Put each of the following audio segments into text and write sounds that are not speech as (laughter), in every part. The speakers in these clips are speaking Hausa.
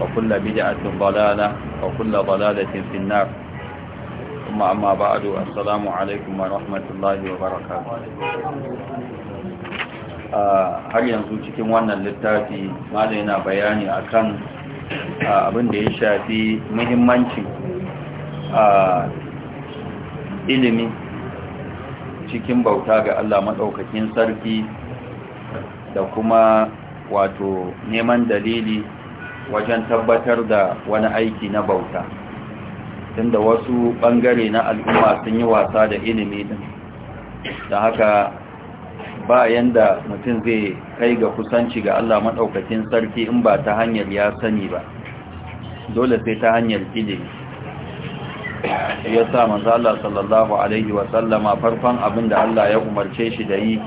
وكل بدعة ضلالة وكل ضلالة في النار ثم أما بعد السلام عليكم ورحمة الله وبركاته har yanzu cikin wannan littafi mala yana bayani akan abin da ya shafi muhimmancin ilimi cikin bauta ga Allah maɗaukakin sarki da kuma wato neman dalili wajen tabbatar da wani aiki na bauta tunda wasu bangare na al'umma sun yi wasa da ilimi din da haka ba yanda mutum zai kai ga kusanci ga Allah maɗaukakin sarki in ba ta hanyar ya sani ba dole sai ta hanyar ilimi ya sa manzo Allah sallallahu alaihi wa sallama farkon abin da Allah ya umarce shi da yi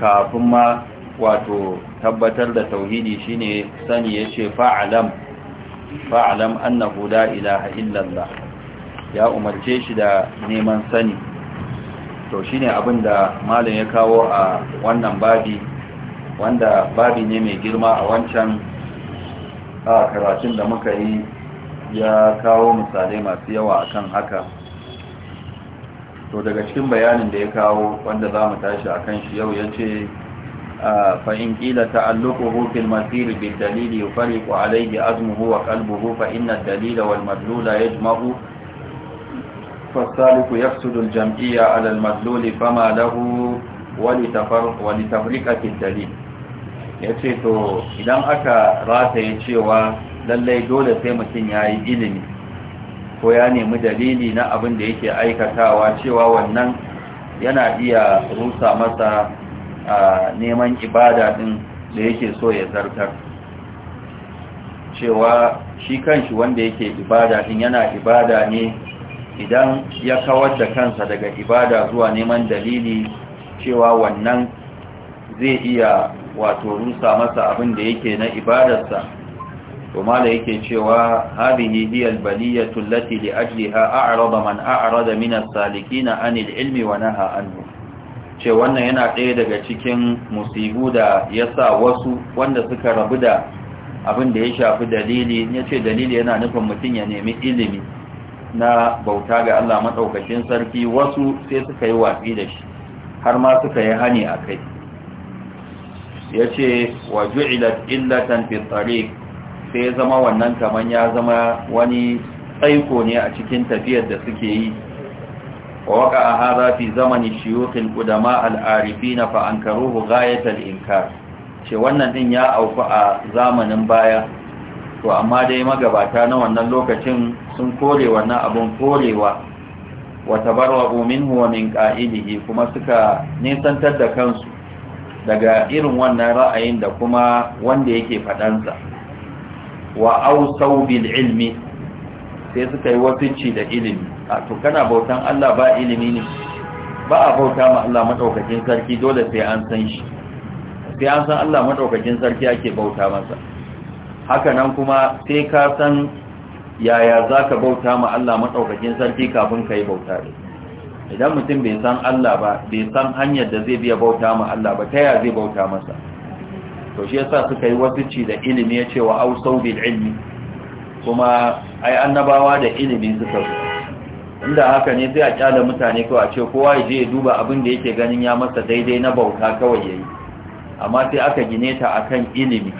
kafin ma wato tabbatar da tauhidi shine sani yace fa'alam fa'alam annahu la ilaha illallah ya umarce shi da neman sani to shine abin da malam ya kawo a wannan babi wanda babi ne mai girma a wancan a karatun da muka yi ya kawo misalai masu yawa akan haka to daga cikin bayanin da ya kawo wanda za mu tashi akan shi yau ya ce فإن قيل تألقه في المسير بالدليل يفرق عليه أزمه وقلبه فإن الدليل والمدلول يجمع فالسالك يفسد الجمعية على المدلول فما له ولتفرقة الدليل ya ce to idan aka rataye cewa lallai dole sai mutum ya yi ilimi ko ya nemi dalili na abin da yake aikatawa cewa wannan yana iya rusa masa A neman ibada din da yake so ya zartar cewa shi kanshi wanda yake ibada din yana ibada ne idan ya kawar da kansa daga ibada zuwa neman dalili cewa wannan zai iya wato rusa masa abin da yake na ibadarsa kuma da yake cewa hadhihi hiya albaliyatu allati li ajliha a'rada man a'rada min as-salikin 'an al-ilmi wa naha anhu ce wannan yana ɗaya daga cikin musibu da ya sa wasu wanda suka rabu da abin da ya shafi dalili ya ce dalili yana nufin mutum ya nemi ilimi na bauta ga Allah maɗaukacin sarki wasu sai suka yi watsi da shi har ma suka yi hani a kai ya ce wa ju'ilat illatan fi sai ya zama wannan kamar ya zama wani tsaiko ne a cikin tafiyar da suke yi ووقع هذا في زمن الشيوخ القدماء العارفين فأنكروه غاية الإنكار ce wannan din ya auku a zamanin baya to amma dai magabata na wannan lokacin sun kore wannan abun korewa wata minhu wa min qa'ilihi kuma suka nisantar da kansu daga irin wannan ra'ayin da kuma wanda yake faɗansa. wa ausau bil ilmi sai suka yi wasici da ilimi a to kana bautan Allah ba ilimi ne ba a bauta ma Allah madaukakin sarki dole sai an san shi sai an san Allah madaukakin sarki ake bauta masa haka nan kuma sai ka san yaya zaka bauta ma Allah madaukakin sarki kafin kai bauta da idan mutum bai san Allah ba bai san hanyar da zai biya bauta ma Allah ba ta yaya zai bauta masa to shi yasa suka yi wasu ci da ilimi ya ce wa ausau bil ilmi kuma ai annabawa da ilimi suka zo inda haka ne sai a kyala mutane kawai a ce kowa ya je ya duba abin da yake ganin ya masa daidai na bauta kawai yayi amma sai aka gine ta akan ilimi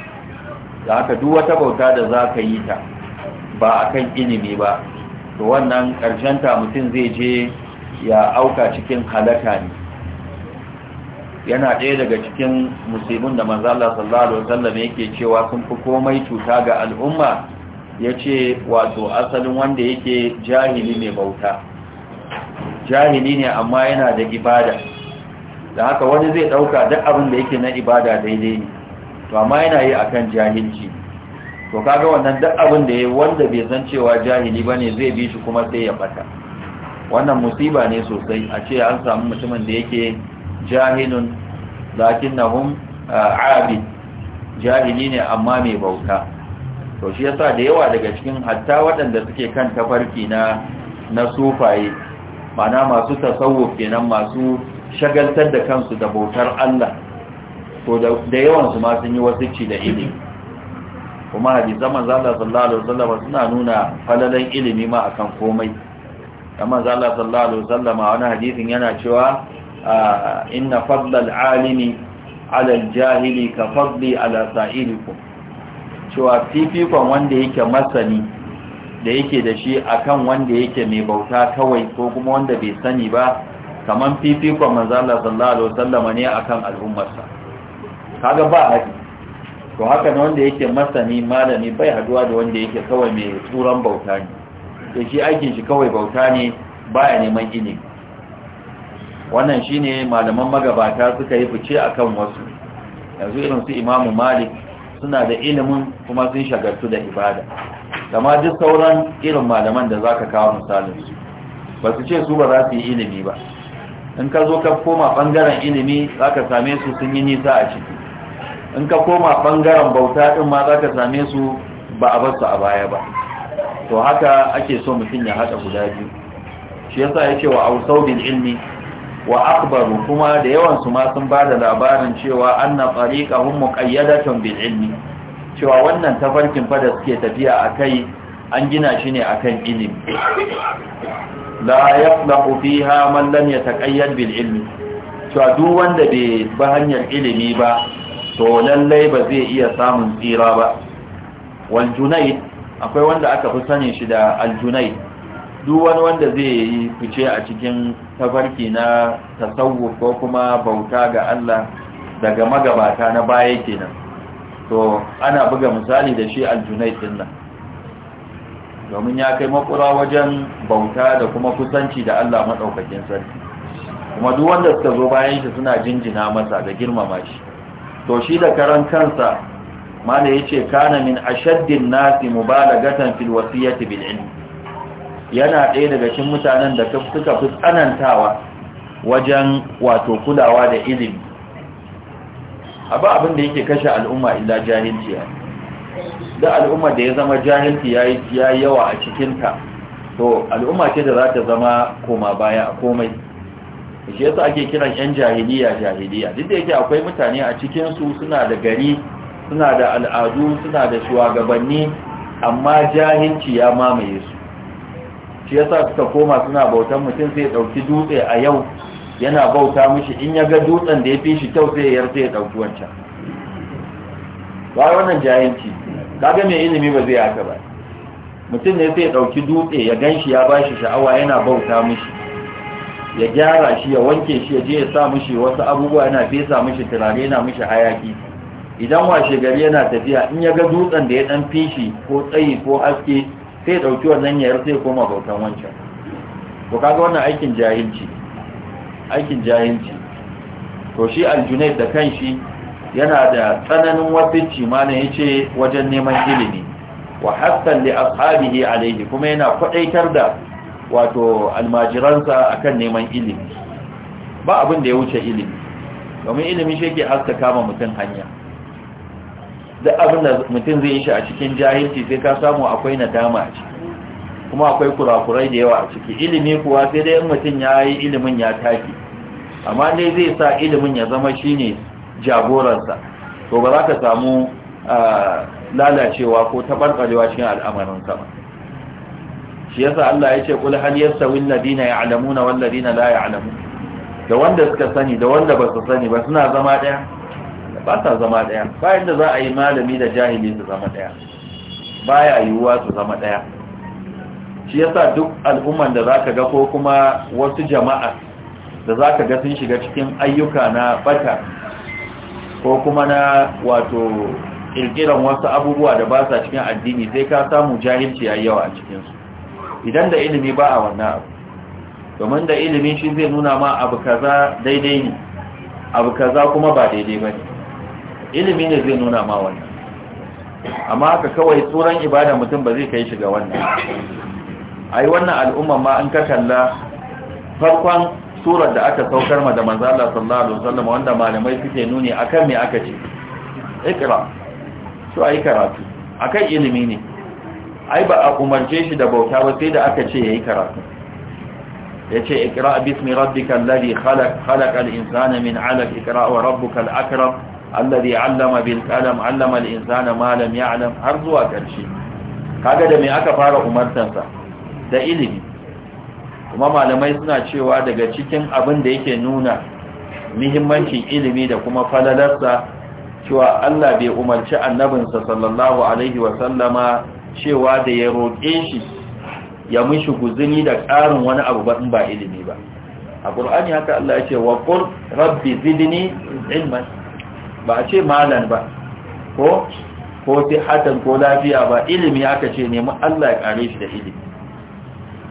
da haka duk wata bauta da za ka yi ta ba akan ilimi ba to wannan karshen ta mutum zai je ya auka cikin halaka ne yana ɗaya daga cikin musulmin da manzo Allah sallallahu alaihi wasallam yake cewa sun fi komai cuta ga al'umma ya ce wato asalin wanda yake jahili mai bauta jahili ne amma yana da ibada da haka wani zai ɗauka duk abin da yake na ibada daidai ne to amma yana yi akan jahilci to kaga wannan duk abin da ya wanda bai san cewa jahili ba ne zai bi shi kuma sai ya fata wannan musiba ne sosai a ce an samu mutumin da yake jahilun lakinnahum ah, abid jahili ne amma mai bauta to shi yasa da yawa daga cikin hatta waɗanda suke kan tafarki na na sufaye mana masu tasawuf kenan masu shagaltar da kansu da bautar Allah to da yawan su ma sun yi wasu ci da ilimi kuma hadi zaman zalla sallallahu alaihi wasallam suna nuna falalan ilimi ma akan komai amma zalla sallallahu alaihi wasallam wani hadisin yana cewa inna fadlal alimi ala al-jahili ka fadli ala sa'ilikum cewa fifikon wanda yake masani da yake da shi akan wanda yake mai bauta kawai ko kuma wanda bai sani ba kaman fifikon manzala sallallahu alaihi wasallam ne akan al'ummarsa kaga ba haɗi to haka ne wanda yake masani malami bai haduwa da wanda yake kawai mai turan bauta ne da shi aikin shi kawai bauta ne baya neman gini wannan shine malaman magabata suka yi fice akan wasu yanzu irin su imamu malik suna da ilimin kuma sun shagartu da ibada kama duk sauran irin malaman da za ka kawo misalinsu ba su ce su ba za su yi ilimi ba in ka zo ka koma ɓangaren ilimi za ka same su sun yi nisa a ciki in ka koma ɓangaren bauta ɗin ma za ka same su ba a basu a baya ba to haka ake so mutum ya haɗa guda biyu shi yasa ya ce wa ausau bil ilmi wa akbaru kuma da yawan ma sun da labarin cewa anna tariqahum muqayyadatun bil ilmi cewa wannan tafarkin fada suke tafiya kai an gina shi ne akan ilimi la yaflahu fiha man lam yataqayyad bil ilmi cewa duk wanda bai ba hanyar ilimi ba to lallai ba zai iya samun tsira ba wal akwai wanda aka fi sanin shi da al duk wani wanda zai yi fice a cikin tafarki na tasawuf ko kuma bauta ga Allah daga magabata na baya kenan to ana buga misali da shi aljunaid din nan domin ya kai makura wajen bauta da kuma kusanci da Allah maɗaukakin sarki kuma duk wanda suka zo bayan shi suna jinjina masa da girmama shi to shi da karan kansa mala yace kana min ashaddin nasi mubalagatan fil wasiyati bil ilmi yana ɗaya daga cikin mutanen da suka fi tsanantawa wajen wato kulawa da ilimi abu abin da yake kashe al'umma illa jahilci ya da al'umma da ya zama jahilci ya yi yawa a cikinta to al'umma ce da za ta zama koma baya a komai shi yasa ake kiran 'yan jahiliya jahiliya duk da yake akwai mutane a cikinsu suna da gari suna da al'adu suna da shugabanni amma jahilci ya mamaye su shi yasa suka koma suna bautan mutum sai ya dauki dutse a yau yana bauta mishi in ya ga dutsen da ya fi shi kyau sai ya sai ya dauki wancan ba wannan jayanci kaga mai ilimi ba zai haka ba mutum ne sai ya dauki dutse ya ganshi ya ba shi sha'awa yana bauta mishi ya gyara shi ya wanke shi ya je ya sa mishi wasu abubuwa yana fesa mishi turare yana mishi hayaki idan washe gari yana tafiya in ya ga dutsen da ya ɗan fi shi ko tsayi ko haske. sai ya dauki wannan yayar sai ya koma bautan wancan to kaga wannan aikin jahilci aikin jahilci to shi aljunaid da kanshi yana da tsananin wafici mana yace wajen neman ilimi wa hasan li ashabihi alayhi kuma yana kwadaitar da wato almajiransa akan neman ilimi ba abin da ya wuce ilimi domin ilimi shi yake haskaka kama mutum hanya da abin da mutum zai yi shi a cikin jahilci sai ka samu akwai nadama a ciki kuma akwai kurakurai da yawa a ciki ilimi kuwa sai dai mutum ya yi ilimin ya taki amma dai zai sa ilimin ya zama shine jagoransa to ba za ka samu lalacewa ko taɓarɓarewa cikin al'amarin sama shi yasa Allah ya ce kul hal ya alladhina ya'lamuna wal ladina la ya'lamun da wanda suka sani da wanda ba su sani ba suna zama ɗaya ba sa zama ɗaya bayan da za a yi malami da jahili su zama ɗaya baya yiwuwa su zama ɗaya shi yasa duk al'umman da zaka ga ko kuma wasu jama'a da zaka ga sun shiga cikin ayyuka na bata ko kuma na wato ƙirƙiran wasu abubuwa da ba sa cikin addini sai ka samu jahilci yayi yawa a cikinsu. idan da ilimi ba a wannan abu domin da ilimi shi zai nuna ma abu kaza daidai ne abu kaza kuma ba daidai ba ne. ilimi ne zai nuna ma wannan amma haka kawai tsoron ibada mutum ba zai kai shi ga wannan ai wannan al'umma ma an ka kalla farkon surar da aka saukar ma da Manzala, sallallahu alaihi wasallam wanda malamai suke nuni akan me aka ce ikra to ai karatu akan ilimi ne ai ba a umarce shi da bauta ba sai da aka ce yayi karatu yace ikra bismi rabbikal ladhi khalaq khalaqal insana min 'alaq ikra wa rabbukal akram alladhi allama bil qalam allama al insana ma lam ya'lam har zuwa karshe kaga da me aka fara umartansa da ilimi kuma malamai suna cewa daga cikin abin da yake nuna muhimmancin ilimi da kuma falalarsa cewa Allah bai umarci annabinsa sallallahu alaihi wa sallama cewa da ya roƙe shi ya mishi guzuni da ƙarin wani abu ba in ba ilimi ba a ƙur'ani haka Allah ya ce wa rabbi zidni ilman ba a ce malan ba ko ko sihatan ko lafiya ba ilimi aka ce nemi Allah ya kare shi da ilimi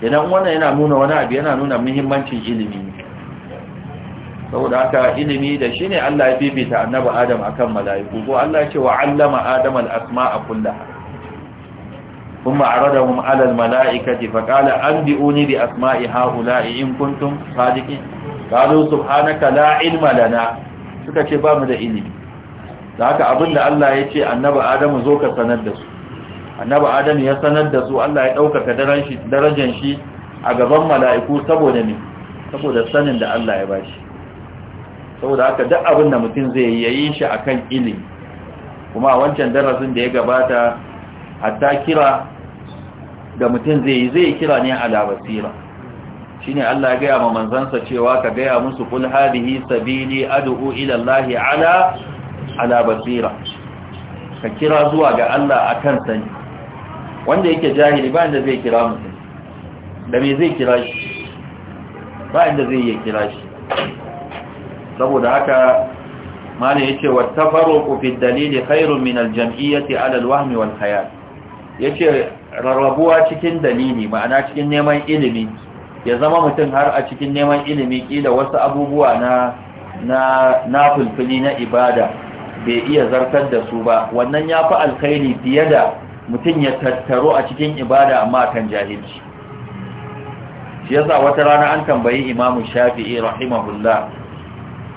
idan wannan yana nuna wani abu yana nuna muhimmancin ilimi ne saboda haka ilimi da shi ne Allah ya bibita annabi Adam akan mala'iku ko Allah ya ce wa 'allama Adam al-asma'a kullaha kuma aradahum 'ala al-mala'ikati fa qala anbi'uni bi asma'i ha'ula'i in kuntum sadiqin qalu subhanaka la 'ilma lana suka ce ba mu da ilimi da haka abinda Allah ya ce annaba Adamu zo ka sanar da su annaba Adamu ya sanar da su Allah ya ɗaukaka darajan shi a gaban mala'iku saboda ne saboda sanin da Allah ya ba shi saboda haka duk abinda mutum zai yi shi akan ilimi kuma a wancan darasin da ya gabata hatta kira da mutum zai yi zai kira ne ala basira shine Allah ya gaya ma manzansa cewa ka gaya musu kul sabili adu'u ila ala ala basira ka kira zuwa ga Allah akan sani wanda yake jahili ba inda zai kira mutum da me zai kira shi ba inda zai yi kira shi saboda haka malam yace wa tafarruqu fi dalili khairun minal jamiyyati ala al-wahmi wal Ya yace rarrabuwa cikin dalili ma'ana cikin neman ilimi ya zama mutum har a cikin neman ilimi kila wasu abubuwa na na na fulfuli na ibada bai iya zartar da su ba wannan ya fi alkhairi fiye da mutum ya tattaro a cikin ibada amma kan jahilci shi yasa wata rana an tambayi imamu shafi'i rahimahullah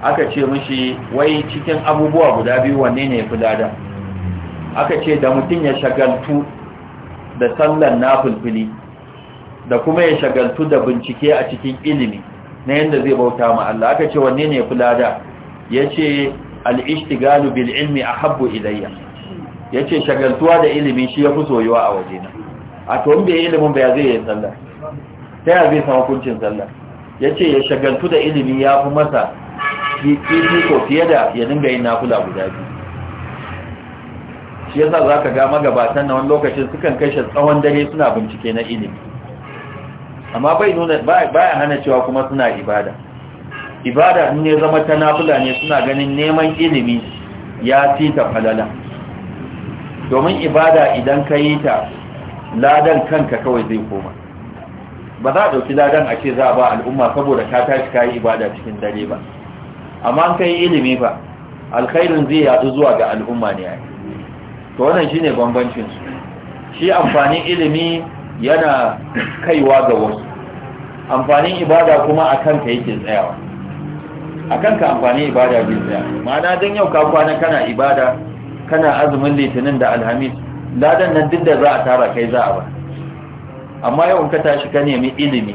aka ce mishi wai cikin abubuwa guda biyu wanne ne fi dada aka ce da mutum ya shagaltu da sallan fulfili da kuma ya shagaltu da bincike a cikin ilimi na yadda zai bauta ma Allah aka ce wanne ne fi lada ya ce al-ishtigalu bil ilmi ahabbu ilayya yace shagaltuwa da ilimi shi yafi soyuwa a waje na. a to in bai ilimin ba zai yi sallah ta ya zai samu kuncin sallah yace ya shagaltu da ilimi fi masa fifi ko fiye da ya dinga yin nafila guda biyu shi yasa zaka ga magabatan na wani lokacin sukan kashe tsawon dare suna bincike na ilimi amma bai nuna baya hana cewa kuma suna ibada ibada in ya zama ta nafila ne suna ganin neman ilimi ya ci ta falala domin ibada idan ka yi ta ladan kanka kawai zai koma ba za a ɗauki ladan a ce za a ba al'umma saboda ka tashi ka yi ibada cikin dare ba amma an ka ilimi ba alkhairin zai yadu zuwa ga al'umma ne ya to wannan shi ne bambancinsu shi amfanin ilimi yana kaiwa ga wasu amfanin ibada kuma a kanka yake tsayawa akan ka amfani ibada biyu ma'ana dan yau ka kwana kana ibada kana azumin litinin da alhamis ladan nan duk da za a tara kai za a ba amma yau in ka tashi ka nemi ilimi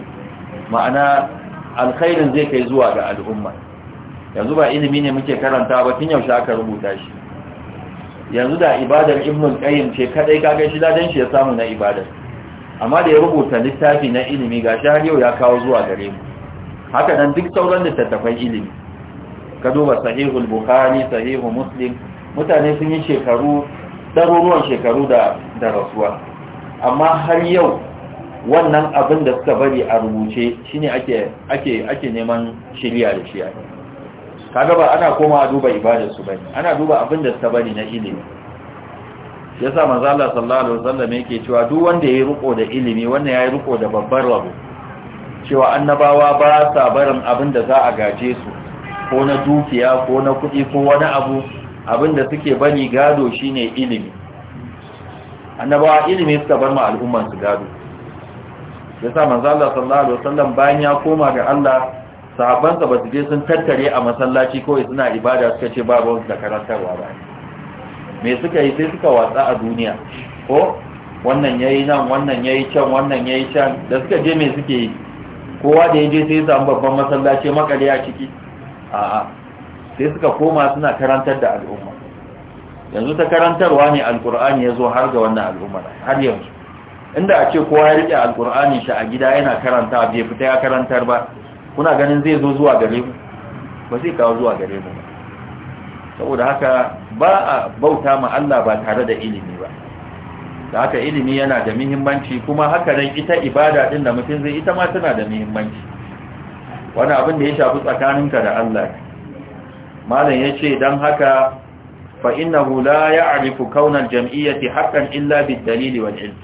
ma'ana alkhairin zai kai zuwa ga al'umma yanzu ba ilimi ne muke karanta ba tun yaushe aka rubuta shi yanzu da ibadar ibnu qayyim ce kadai kaga shi ladan shi ya samu na ibada. amma da ya rubuta littafi na ilimi gashi har yau ya kawo zuwa gare mu haka nan duk sauran littattafan ilimi ka duba sahihul bukhari sahihu muslim mutane sun yi shekaru ɗaruruwan shekaru da da rasuwa amma har yau wannan abin da suka bari a rubuce shine ake ake ake neman shirya da shi kaga ba ana koma duba ibadar su bane ana duba abin da suka bari na ilimi yasa manzo Allah sallallahu alaihi wasallam yake cewa duk wanda yayi riko da ilimi wannan yayi riko da babbar rabo cewa annabawa ba sa barin abin da za a gaje su ko na dukiya ko na kuɗi ko wani abu abinda suke bari gado shine ilimi annaba ilimi suka bar ma al'umma su gado yasa manzo Allah sallallahu alaihi wasallam bayan ya koma ga Allah sahabbansa ba su je sun tattare a masallaci kawai suna ibada suka ce ba da karantarwa ba me suka yi sai suka watsa a duniya ko wannan yayi nan wannan yayi can wannan yayi can da suka je me suke yi kowa da ya je sai ya samu babban masallaci makale a ciki a'a sai suka koma suna karantar da al'umma yanzu ta karantarwa ne alkur'ani ya zo har ga wannan al'ummar har yanzu inda a ce kowa ya riƙe alkur'ani shi a gida yana karanta bai fita ya karantar ba kuna ganin zai zo zuwa gare mu ba zai kawo zuwa gare mu ba saboda haka ba a bauta ma Allah ba tare da ilimi ba da haka ilimi yana da muhimmanci kuma haka nan ita ibada din da mutum zai ita ma tana da muhimmanci wani abin da ya shafi tsakaninka da Allah malam ya ce don haka fa innahu la ya'rifu kaunar jam'iyyati haqqan illa bid dalili wal ilm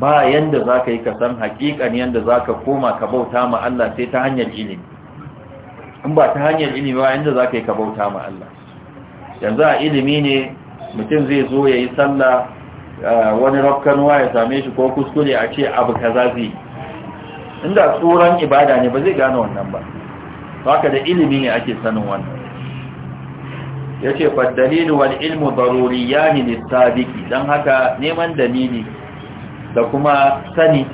ba yanda zaka yi ka san hakikan yanda zaka koma ka bauta ma Allah sai ta hanyar ilimi in ba ta hanyar ilimi ba yanda zaka yi ka bauta ma Allah yanzu a ilimi ne mutum zai zo yayi sallah eh, wani rafkanuwa ya same shi ko kuskure a ce abu kaza zai inda tsoron ibada ne ba zai gane wannan ba haka da ilimi ne ake sanin wannan ya ce barori wal ilmu daruriyani littabiki don haka neman dalili da kuma sani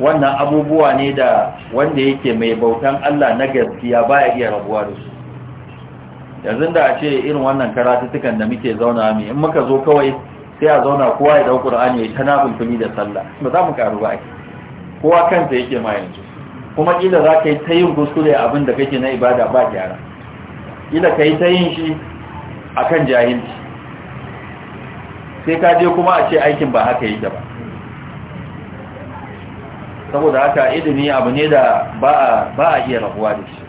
wannan abubuwa ne da wanda yake mai bautan Allah na gaskiya baya iya rabuwa da su yanzu da a ce irin wannan karatuttukan da muke zauna mai in muka zo kawai sai a zauna kowa ya dau Qur'ani ya tana da sallah ba za mu karu ba ake kowa kansa yake ma yanzu kuma kila za ka yi ta yin kuskure abin da kake na ibada ba gyara kila ka yi ta yin shi a kan jahilci sai ka je kuma a ce aikin ba haka yake ba saboda haka ilimi abu ne da ba a iya rabuwa da shi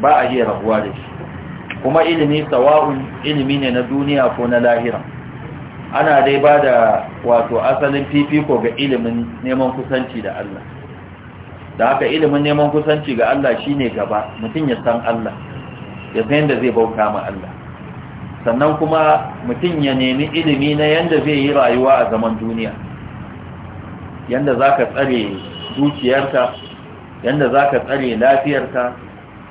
ba a iya rabuwa da shi kuma ilimi tsawa'un ilimi ne na duniya ko na lahira ana dai ba da wato asalin fifiko ga ilimin neman kusanci da Allah da haka ilimin neman kusanci ga Allah shi ne gaba mutum ya san Allah ya san yadda zai bauta ma Allah sannan kuma mutum ya nemi ilimi na yadda zai yi rayuwa a zaman duniya yadda za ka tsare dukiyarka yadda za ka tsare lafiyarka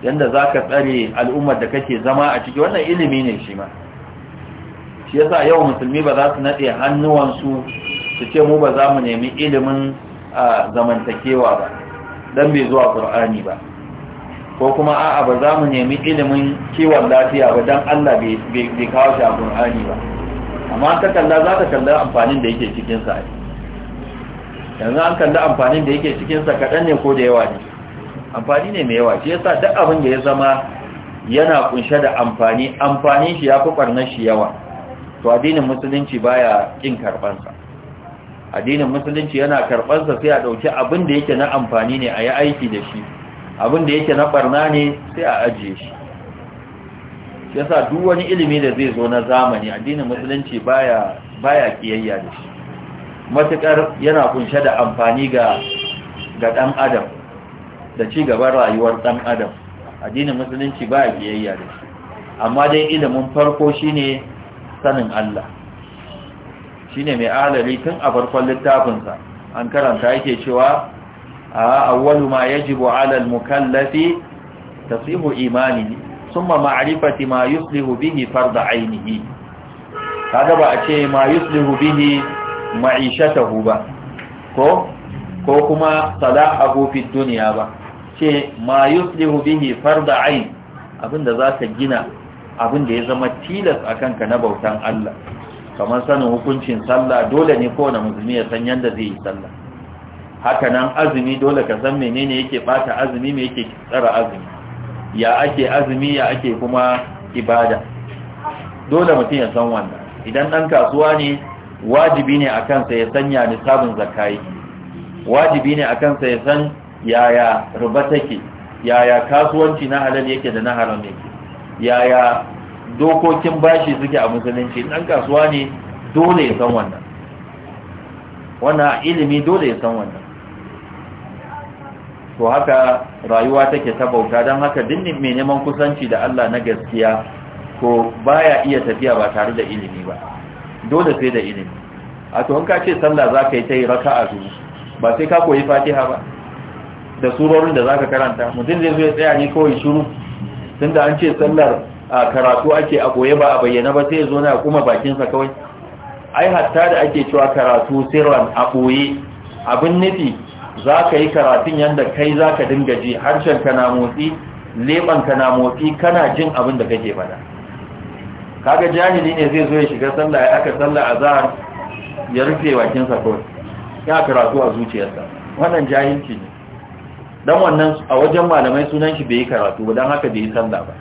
yadda za ka tsare al'ummar da kake zama a ciki wannan ilimi ne shi ma shi yasa yau musulmi ba za su nade hannuwansu su ce mu ba za mu nemi ilimin zamantakewa ba dan bai zuwa qur'ani ba ko kuma a'a ba za mu nemi ilimin kiwon lafiya ba dan Allah bai kawo shi a qur'ani ba amma ta kalla za ka kalla amfanin da yake cikin sa yanzu an kalla amfanin da yake cikin sa kadan ne ko da yawa ne amfani ne mai yawa shi yasa duk abin da ya zama yana kunshe da amfani amfanin shi ya fi barnar shi yawa to addinin musulunci baya kin karbansa addinin musulunci yana karbansa sai a dauki abin da yake na amfani ne a yi aiki da shi abin da yake na barna ne sai a ajiye shi yasa duk wani ilimi da zai zo na zamani addinin musulunci baya baya kiyayya da shi matukar yana kunshe da amfani ga ga dan adam da ci gaban rayuwar dan adam addinin musulunci baya kiyayya da shi amma dai ilimin farko shine sanin Allah shine mai alali tun a farkon littafinsa an karanta yake cewa a awwalu ma yajibu ala al-mukallafi tasihu imanihi thumma ma'rifati ma yuslihu bihi fard ainihi kaga ba a ce ma yuslihu bihi ma'ishatahu ba ko ko kuma salahu fi dunya ba ce ma yuslihu bihi da ain abinda zaka gina abin da ya zama tilas a kanka na bautan Allah kamar sanin hukuncin sallah dole ne kowane musulmi ya san yadda zai yi sallah haka nan azumi dole ka san menene yake bata azumi me yake tsara azumi ya ake azumi ya ake kuma ibada dole mutum ya san wannan idan ɗan kasuwa ne wajibi ne a kansa ya sanya nisabin zakai wajibi ne a kansa ya san yaya ruba take yaya kasuwanci na halal yake da na haram yake yaya dokokin bashi suke a musulunci ɗan kasuwa ne dole ya san wannan wannan ilimi dole ya san wannan to haka rayuwa take ta bauta don haka dinnin mai neman kusanci da Allah na gaskiya ko baya iya tafiya ba tare da ilimi ba dole sai da ilimi a to in ka ce sallah za ka yi ta yi a zuwa ba sai ka koyi fatiha ba da surorin da za ka karanta mutum zai zo tsaya ne kawai shiru tun da an ce sallar karatu ake a goye ba a bayyana ba sai ya zo na kuma bakinsa kawai ai hatta da ake cewa karatu sirran a ɓoye abin nufi za ka yi karatun yadda kai za ka dinga ji harshen ka na motsi leɓen ka na motsi kana jin abin da kake faɗa kaga jahili ne zai zo ya shiga sallah ya aka sallah a zahar ya rufe bakinsa kawai ya karatu a zuciyarsa wannan jahilci ne dan wannan a wajen malamai sunan shi bai yi karatu ba dan haka bai yi sallah ba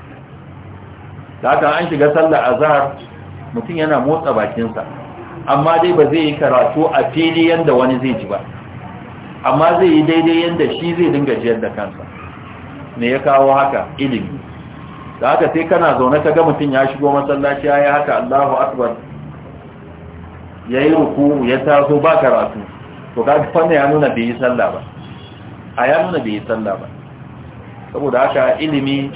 da haka an shiga sallah azhar mutum yana motsa bakinsa amma dai ba zai yi karatu a fili yanda wani zai ji ba amma zai yi daidai yanda shi zai dinga jiyar da kansa me ya kawo haka ilimi da haka sai kana zaune ka ga mutum ya shigo masallaci ya yi haka Allahu akbar ya yi ruku ya taso ba karatu to kaga fanna ya nuna bai yi sallah ba a ya nuna bai yi sallah ba saboda haka ilimi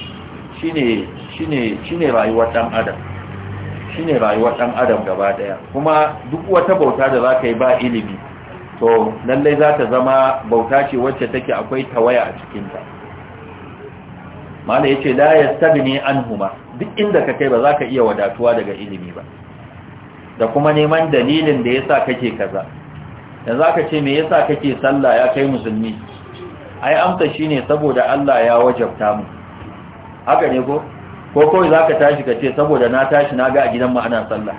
shine shine rayuwar dan adam shine rayuwar dan adam gaba daya kuma duk wata bauta da za ka yi ba ilimi to lallai za ta zama bauta ce wacce take akwai tawaya a cikinta mala yace la yastabni anhuma duk inda ka kai ba za ka iya wadatuwa daga ilimi ba da kuma neman dalilin da yasa kake kaza yanzu aka ce me yasa kake sallah ya kai musulmi ai amsa shine saboda Allah ya wajabta mu haka ne ko ko kawai zaka tashi ka ce saboda na tashi na ga a gidan mu ana sallah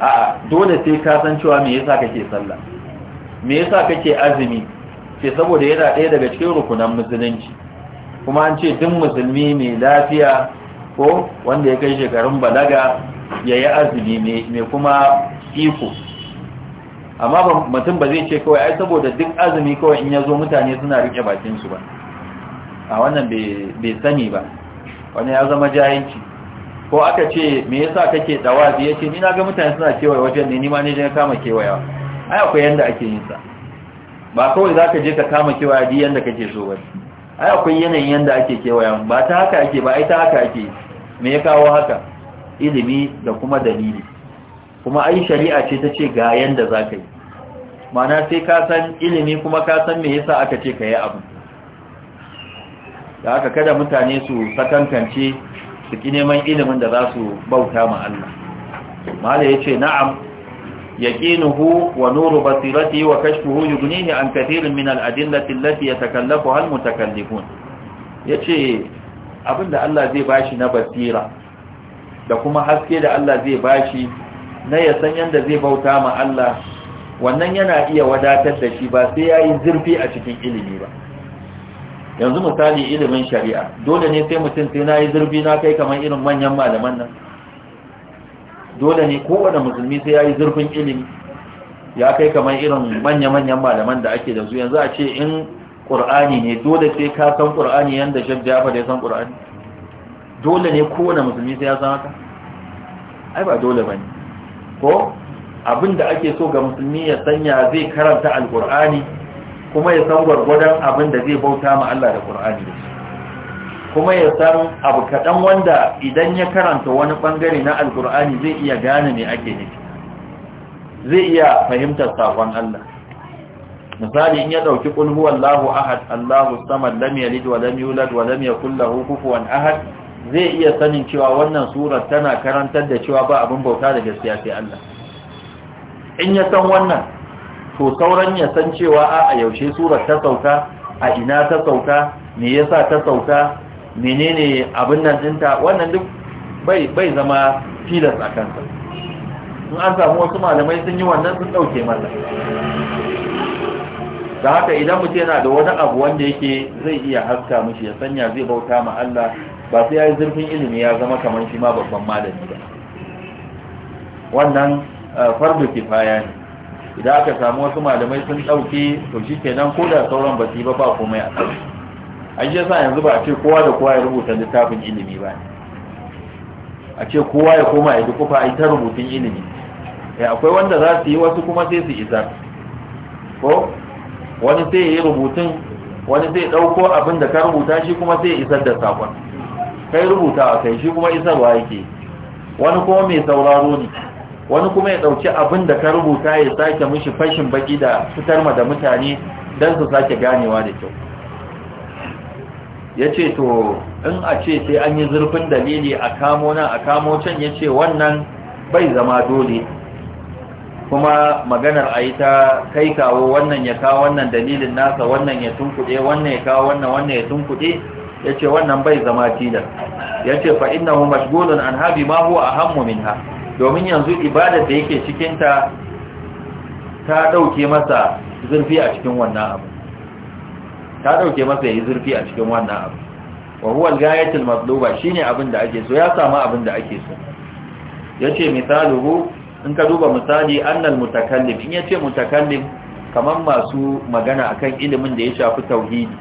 a'a dole sai ka san cewa me yasa kake sallah me yasa kake azumi Ke saboda yana ɗaya daga cikin rukunan musulunci kuma an ce duk musulmi mai lafiya ko wanda ya kai shekarun balaga yayi azumi mai kuma iko amma mutum ba zai ce kawai ai saboda duk azumi kawai in ya zo mutane suna rike bakinsu ba a wannan bai sani ba wani ya zama jayanci ko aka ce me yasa kake dawazi yace ni na ga mutane suna kewaye wajen ne ni ma ne je kama kewaya ai akwai yanda ake yin sa ba kawai zaka je ka kama kewaya di yanda kake so ba ai akwai yanayin yanda ake kewaya ba ta haka ake ba ai ta haka ake me ya kawo haka ilimi da kuma dalili kuma ai shari'a ce ta ce ga yanda zaka yi mana sai ka san ilimi kuma ka san me yasa aka ce ka yi abu da haka kada mutane su sakankance su ki neman ilimin da za su bauta ma Allah mala ya ce na'am yaqinuhu wa nuru yi wa kashfuhu yughnihi an kathirin min al-adillati allati yatakallafuha al-mutakallifun yace abinda Allah zai bashi na basira da kuma haske da Allah zai bashi na ya san yanda zai bauta ma Allah wannan yana iya wadatar da shi ba sai ya yi zurfi a cikin ilimi ba yanzu misali ilimin shari'a dole ne sai mutum sai na yi zurfi na kai kamar irin manyan malaman nan dole ne kowane musulmi sai ya yi zurfin ilimi ya kai kamar irin manya-manyan malaman da ake da su yanzu a ce in ƙur'ani ne dole sai ka san ƙur'ani yadda shaf jafa da ya san ƙur'ani dole ne kowane musulmi sai ya san haka ai ba dole ba ne ko abinda ake so ga musulmi ya sanya zai karanta alkur'ani kuma ya san gwargwadon abinda zai bauta ma Allah da Qur'ani kuma ya san abu kaɗan wanda idan ya karanta wani ɓangare na alkur'ani zai iya gane ne ake nufi zai iya fahimtar sakon Allah misali in ya ɗauki ƙulhu Allahu ahad Allahu samad lam yalid wa lam yulad wa lam yakul lahu kufuwan ahad zai iya sanin cewa wannan surar tana karantar da cewa ba abin bauta da gaskiya sai Allah in ya san wannan to sauran ya san cewa a yaushe surar ta sauka a ina ta sauka me yasa ta sauka menene abin nan dinta wannan duk bai bai zama tilas a kansa in an samu wasu malamai sun yi wannan sun dauke masa da haka idan mutum yana da wani abu wanda yake zai iya haska mishi ya sanya zai bauta ma Allah ba sai ya yi zurfin ilimi ya zama kamar shi ma babban malami ba wannan Eh, fardu kifaya ne idan aka samu wasu malamai sun ɗauke to shi nan ko da sauran ba su ba ba komai a kan an shi sa yanzu ba a ce kowa da kowa ya rubuta littafin ilimi ba a ce kowa ya koma ya dukufa a yi ta rubutun ilimi ya eh, akwai wanda za su yi wasu kuma sai su isa ko wani sai ya yi rubutun wani sai ɗauko abin da ka rubuta shi kuma sai isar da sakon kai rubuta a kai shi kuma isarwa yake wani kuma mai sauraro ne wani kuma ya ɗauki abin da ka rubuta ya sake mishi fashin baki da fitar ma da mutane don su sake ganewa da kyau ya ce to in a ce sai an yi zurfin dalili a kamo nan a kamo can ya ce wannan bai zama dole kuma maganar a yi ta kai kawo wannan ya kawo wannan dalilin nasa wannan ya tunkuɗe wannan ya kawo wannan wannan ya tunkuɗe ya ce wannan bai zama tilar ya ce fa'in na mu mashgulun an habi ma huwa a hannu min ha domin yanzu ibadar da yake cikinta ta ɗauke masa zurfi a cikin wannan abu ta dauke masa yayi zurfi a cikin wannan abu wa huwa al-ghayatul matluba shine abin da ake so ya samu abin da ake so yace misaluhu in ka duba misali annal mutakallim in yace mutakallim kaman masu magana akan ilimin da ya shafi tauhidi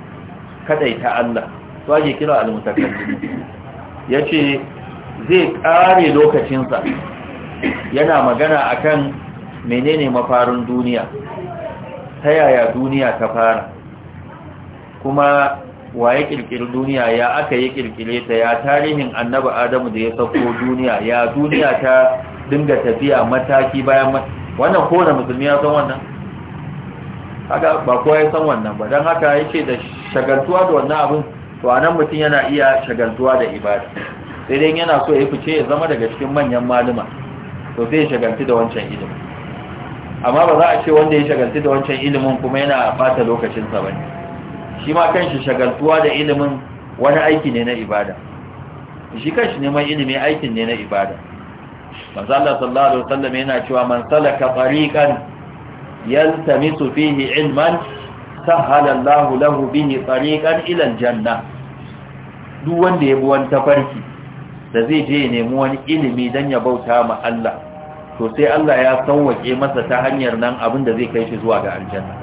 kadai ta Allah to ake kira al mutakallim yace zai kare lokacinsa yana magana akan menene mafarin duniya ta yaya duniya ta fara kuma wa ya kirkiri duniya ya aka yi kirkire ta ya tarihin annabi adamu da ya sako duniya ya duniya ta dinga tafiya mataki bayan wannan kowane musulmi ya san wannan haka ba kowa ya san wannan ba don haka yake da shagaltuwa da wannan abin to a nan mutum yana iya shagaltuwa da ibada sai dai yana so ya fice ya zama daga cikin manyan maluma to sai ya shagaltu da wancan ilimin amma ba za a ce wanda ya shagaltu da wancan ilimin kuma yana bata lokacinsa ba ne shi ma kanshi shagaltuwa da ilimin wani aiki ne na ibada shi kanshi neman ilimi aikin ne na ibada manzo sallallahu alaihi wasallam yana cewa man salaka tariqan yaltamisu fihi ilman sahala Allah lahu bihi tariqan ila aljanna duk wanda ya bi wani tafarki da zai je ya nemi wani ilimi don ya bauta ma Allah to sai Allah ya sauwake masa ta hanyar nan abin da zai kai shi zuwa ga aljanna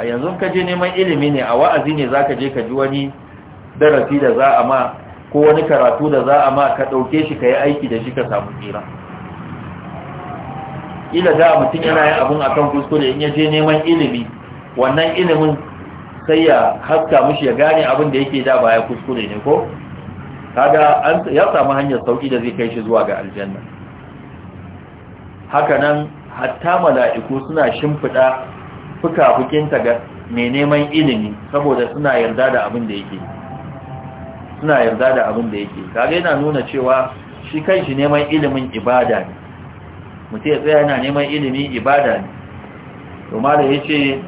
a yanzu ka je neman ilimi ne a wa'azi ne za ka je ka ji wani darasi da za a ma ko wani karatu da za a ma ka ɗauke shi ka yi aiki da shi ka samu tsira ila da mutum yana yin abin akan kuskure in ya je neman ilimi wannan ilimin sai ya haska mushi ya gane abin da yake da baya kuskure ne ko kaga ya samu hanyar sauki da zai kai shi zuwa ga aljanna haka nan hatta mala'iku suna shimfida fuka-fukinta ga mai neman ilimi saboda suna yarda da abin da yake suna yarda da abin da yake kaga yana nuna cewa shi kanshi shi neman ilimin ibada ne mutum ya tsaya yana neman ilimi ibada ne kuma da ya ce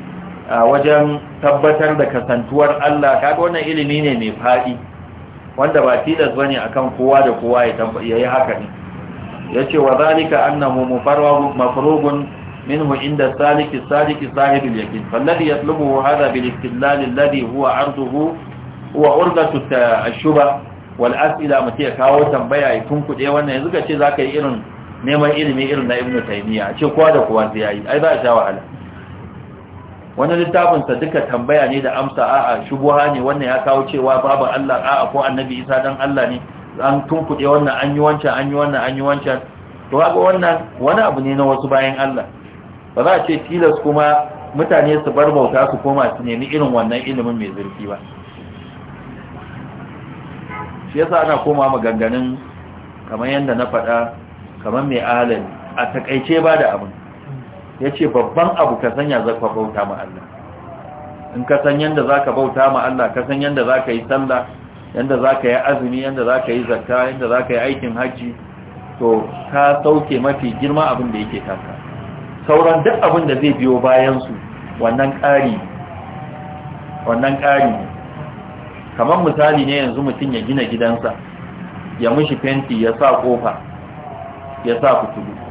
a wajen tabbatar da kasantuwar Allah kaga wannan ilimi ne mai faɗi wanda ba tilas bane akan kowa da kowa ya yi haka ne yace wa zalika annahu mufarragh mafrugun minhu inda saliki saliki sahibul yaqin falladhi yatlubuhu hadha bil istidlal alladhi huwa arduhu huwa urdatu ash-shubha wal as'ila mutai ya kawo tambaya ya tunkuɗe wannan yanzu ka ce ka yi irin neman ilimi irin na ibnu taymiya ce kowa da kowa sai ai za a sha wahala wani littafinsa duka tambaya ne da amsa a'a shubuha ne wannan ya kawo cewa babu Allah a'a ko annabi Isa dan Allah ne an tunkuɗe wannan an yi wancan an yi wannan an yi wancan to haka wannan wani abu ne na wasu bayan Allah ba za a ce tilas kuma mutane su bar bauta su koma su nemi irin wannan ilimin mai zurfi ba shi yasa ana koma maganganun kamar yadda na faɗa kamar mai ahalin a takaice ba da abin ya ce babban abu ka sanya za ka bauta ma Allah in ka san yadda za ka bauta ma Allah ka san yadda za ka yi sallah yadda za ka yi azumi yadda za ka yi zakka yadda za ka yi aikin hajji to ka sauke mafi girma abin da yake kanka sauran duk abin da zai biyo bayansu wannan ƙari wannan ƙari kamar misali ne yanzu mutum ya gina gidansa ya mushi fenti ya sa kofa, ya sa kuturu.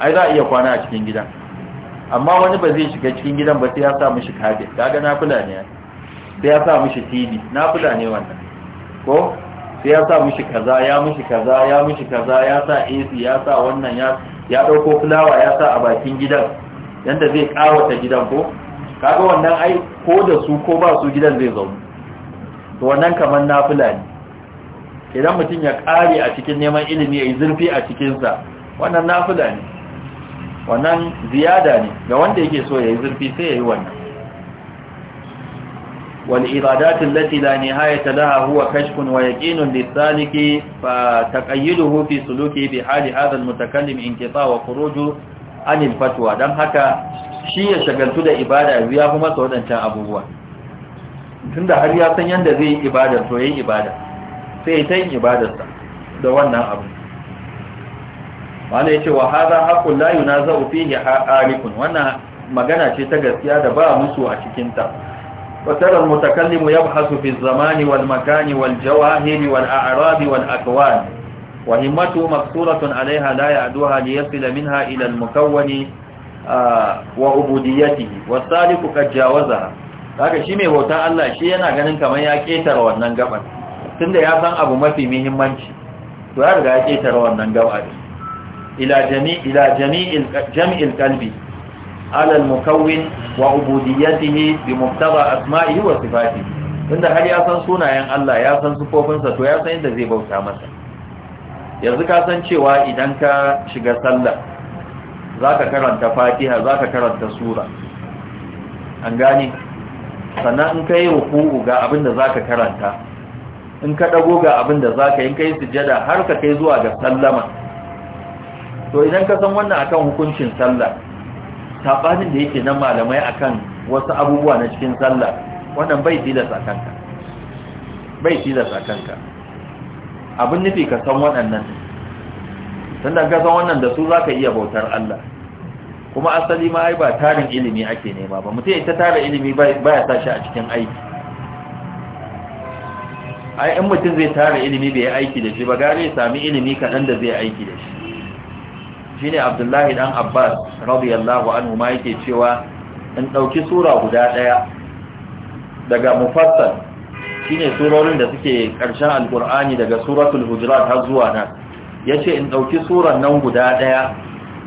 ai za a iya kwana a cikin gidan amma wani ba zai shiga cikin gidan ba sai ya sa mishi kafin kaga nafula ne sai ya sa mishi tv Nafula ne wannan ko sai ya sa mishi kaza ya mishi kaza ya mishi kaza ya sa ac ya sa wannan ya ya dauko fulawa ya sa a bakin gidan yanda zai kawata gidan ko kaga wannan ai ko da su ko ba su gidan zai zauna to wannan kamar nafula ne idan mutum ya kare a cikin neman ilimi ya yi zurfi a cikinsa wannan nafula ne wannan ziyada ne ga wanda yake so ya yi zurfi sai ya yi wannan wal’iradatun lati da ne hayata laha huwa kashkun wa yaƙinun lissaniki fa taƙayyudu hufi suluki bi hali ta kalim in kifa wa kuroju anil fatuwa don haka shi ya shagaltu da ibada ya kuma sa waɗancan abubuwa har ya san yadda zai yi ibadar to yin ibada sai ta yin ibadarsa da wannan abu wani ya ce wa haɗa haƙun layu na zaufi ya haƙarikun wana magana ce ta gaskiya da ba musu a cikinta fasarar mutakallimu ya bahasu fi zamani wal makani wal jawahiri wal arabi wal akwan wa himmatu maksuratun alaiha la ya'duha li yasila minha ila al mukawwani wa ubudiyatihi wasaliku qad jawazaha shi mai bautan Allah shi yana ganin kamar ya ketara wannan gaban tunda ya san abu mafi muhimmanci to ya riga ya ketara wannan gaba ila jami'il jami'il qalbi ala al-mukawwin wa ubudiyyatihi bi muqtada asma'ihi wa sifatihi tunda har ya san sunayen Allah ya san sifofinsa to ya san yadda zai bauta masa yanzu ka san cewa idan ka shiga sallah zaka karanta Fatiha zaka karanta sura an gane sannan in kai ruku'u ga abin da zaka karanta in ka dago ga abin da zaka yi in kai sujada har ka kai zuwa ga sallama to idan ka san wannan akan hukuncin sallah sabanin da yake nan malamai akan wasu abubuwa na cikin sallah wannan bai dila sakanka bai tilasa sakanka abin nufi ka san waɗannan tunda ka san wannan da su zaka iya bautar Allah kuma asali ma ai ba tarin ilimi ake nema ba mutum ita tara ilimi baya sa shi a cikin aiki ai in mutum zai tara ilimi bai aiki da shi ba gare ya sami ilimi kaɗan da zai aiki da shi ne abdullahi ɗan abbas radiyallahu anhu ma yake cewa in ɗauki sura guda ɗaya daga mufassal ne surorin da suke ƙarshen Alƙur'ani daga suratul hujurat har zuwa nan ce in ɗauki suran nan guda ɗaya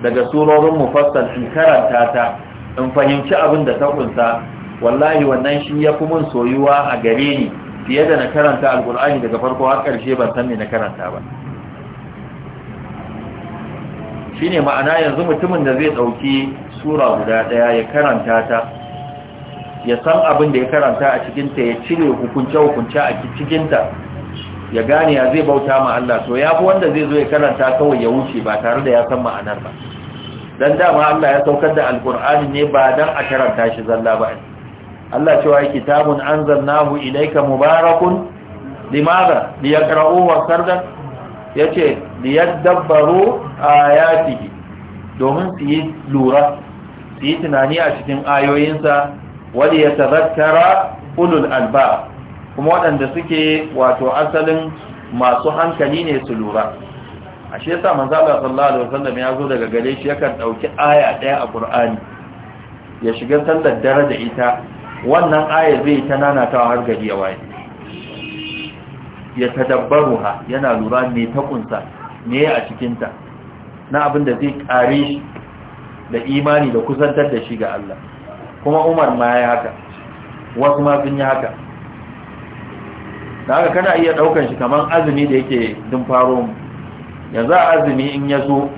daga surorin mufassal in karanta ta in fahimci abin da ta ƙunsa, wallahi wannan shi ya fi mun soyuwa a gare ni fiye da na karanta Alƙur'ani daga farko har ƙarshe ban san me na karanta ba shine ma'ana yanzu mutumin da zai dauki sura guda daya ya karanta ta ya san abin da ya karanta a cikinta, ya cire hukunce hukunce a cikinta, ya gane ya zai bauta ma Allah to yafi wanda zai zo ya karanta kawai ya wuce ba tare da ya san ma'anar ba dan dama Allah ya saukar da alkur'ani ne ba dan a karanta shi zalla ba Allah cewa kitabun anzalnahu ka mubarakun limaza liyaqra'uhu sardan yace liyadabbaru ayatihi domin su yi lura su yi tunani a cikin ayoyinsa wali ya tazakkara ulul alba kuma waɗanda suke wato asalin masu hankali ne su lura ashe yasa manzo sallallahu alaihi wasallam ya zo daga gare shi yakan dauki aya ɗaya a Qur'ani ya shiga sallar dare da ita wannan aya zai ta nanatawa har gari ya waye ya tadabbaruha yana lura ne ta kunsa ne a cikinta na abin da zai kare shi da imani da kusantar da shi ga Allah kuma umar ma ya haka wasu ma sun yi haka da haka kana iya ɗaukan shi kaman azumi da yake dun faro mu yanzu a azumi in ya zo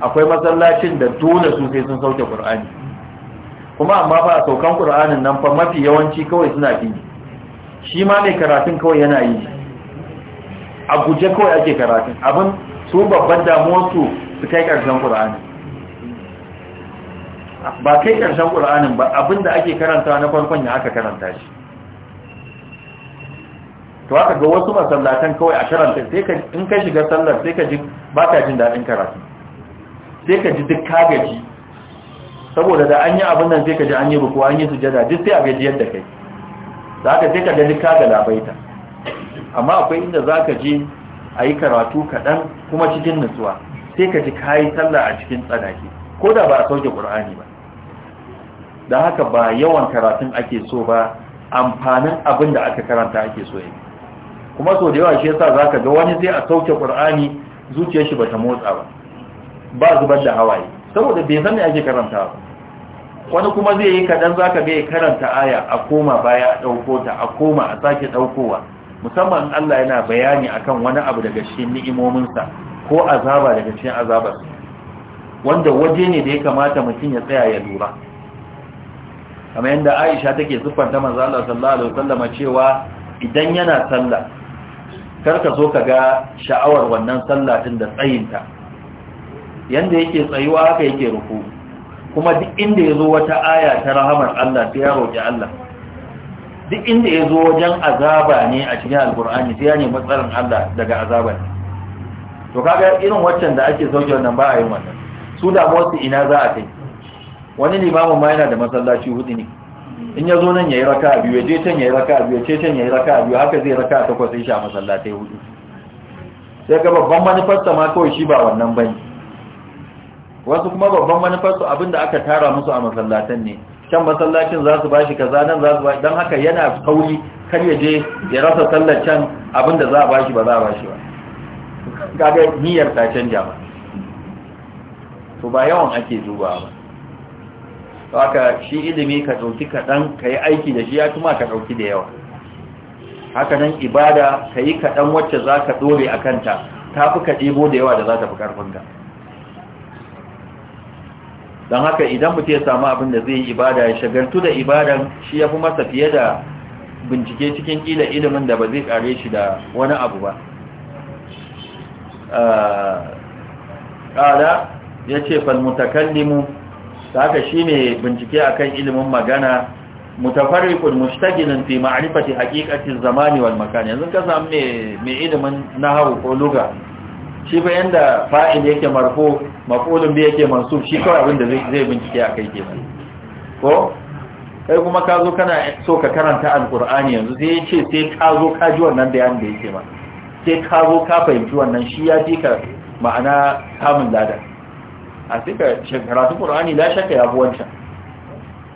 akwai masallacin da dole su sai sun sauke ƙur'ani kuma amma ba a saukan ƙur'anin nan fa mafi yawanci kawai suna bi shi ma mai karatun kawai yana yi a guje kawai ake karatun abin su babban damuwarsu su kai ƙarshen ƙura'ani ba kai ƙarshen ƙura'anin ba abinda ake karanta na farkon ya aka karanta shi to haka ga wasu masallatan kawai a karanta sai ka in ka shiga sallar sai ka ji ba ka jin daɗin karatu sai ka ji duk ka gaji saboda da an yi abin nan sai ka ji an yi rukuwa an yi sujada duk sai a gaji yadda kai da haka sai ka ga duk ka labaita amma akwai inda za ka je a yi karatu kaɗan kuma cikin nutsuwa sai ka ji ka yi sallah a cikin tsanaki ko da ba a sauke ƙur'ani ba da haka ba yawan karatun ake so ba amfanin abin da aka karanta ake so yi kuma sau da yawa shi yasa za ka ga wani zai a sauke ƙur'ani zuciyar shi ba ta motsa ba ba zubar da hawaye saboda bai san me ake karanta ba wani kuma zai yi kaɗan za ka ga ya karanta aya a koma baya a ɗauko ta a koma a sake ɗaukowa musamman Allah yana bayani akan wani abu daga cikin ni'imominsa ko azaba daga cikin azabar wanda waje ne da ya kamata mutum ya tsaya ya lura kamar yadda Aisha take siffanta manzo Allah sallallahu alaihi wasallam cewa idan yana sallah karka zo ka ga sha'awar wannan sallah din da tsayinta yanda yake tsayuwa haka yake ruku kuma duk inda yazo wata aya ta rahamar Allah sai ya roki Allah duk inda ya zo wajen azaba ne a cikin alkur'ani sai ya nemi tsarin Allah daga azaba ne to kaga irin waccan da ake sauke wannan ba a yin wannan su da motsi ina za a kai wani limamin ma yana da masallaci hudu ne in ya zo nan ya yi raka a biyu ya je can ya yi raka a biyu ya ce can ya yi raka a biyu haka zai raka a takwas sai shi a masallatai hudu sai ga babban manufarsa ma kawai shi ba wannan bane wasu kuma babban manufarsu abinda aka tara musu a masallatan ne can masallacin za su bashi kaza nan za su bashi don haka yana kauri kar ya je ya rasa sallar can abinda za a bashi ba za a bashi ba kaga niyyar ta canja ba to ba yawan ake duba ba to haka shi ilimi ka dauki kaɗan ka yi aiki da shi ya kuma ka ɗauki da yawa haka nan ibada ka yi kaɗan wacce za ka ɗore a kanta ta fi ka ɗebo da yawa da za ta fi ƙarfinka don haka idan mutum ya samu abin da zai yi ibada ya shagaltu da ibadan shi ya fi masa fiye da bincike cikin kila ilimin da ba zai kare shi da wani abu ba ah, ƙada ya ce falmutakallimu ta haka shi ne bincike a kan ilimin magana mutafarrikun mustaginin fi ma'arifati hakikatin zamani wal makani yanzu ka samu mai ilimin nahawu ko luga shi fa yanda fa'il yake marfu maf'ulun bi yake mansub shi kawai abin da zai bincike a kai kenan ko kai kuma ka zo kana so ka karanta Alkur'ani yanzu sai ya ce sai ka zo ka ji wannan bayanin da yake ma sai ka zo ka fahimci wannan shi ya ji ka ma'ana samun ladan a sai ka karatu qur'ani la shaka ya bi wancan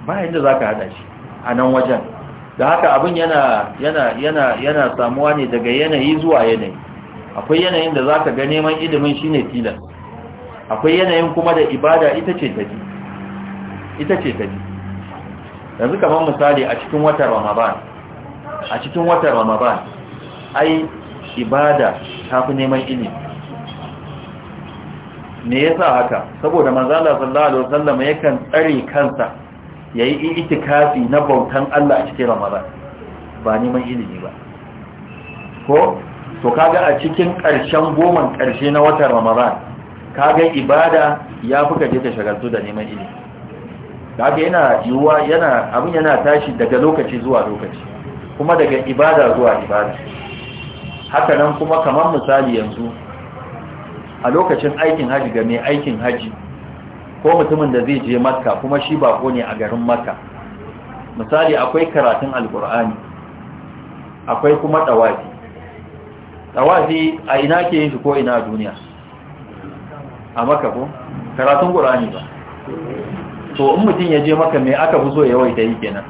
ba yanda zaka hada shi a nan wajen da haka abin yana yana yana yana samuwa ne daga yanayi zuwa yanayi akwai yanayin da zaka ga neman ilimin shine tilas akwai yanayin kuma da ibada ita ce taji ita ce yanzu kamar misali a cikin watan Ramadan a cikin watan Ramadan ai ibada tafi neman ilimi me yasa haka saboda manzo Allah sallallahu alaihi wasallam yakan tsare kansa yayi itikafi na bautan Allah a cikin Ramadan ba neman ilimi ba ko to kaga a cikin ƙarshen goma ƙarshe na watan ramadan kaga ibada ya fi kaje ta shagaltu da neman ilimi kaga yana yiwuwa yana abin yana tashi daga lokaci zuwa lokaci kuma daga ibada zuwa ibada haka nan kuma kamar misali yanzu a lokacin aikin haji ga mai aikin haji ko mutumin da zai je makka kuma shi bako ne a garin makka misali akwai karatun alkur'ani akwai kuma ɗawafi tawafi a ina ke yin shi ko ina a duniya a maka ko karatun ƙurani ba to in mutum ya je maka mai aka fi so yawai ta yi kenan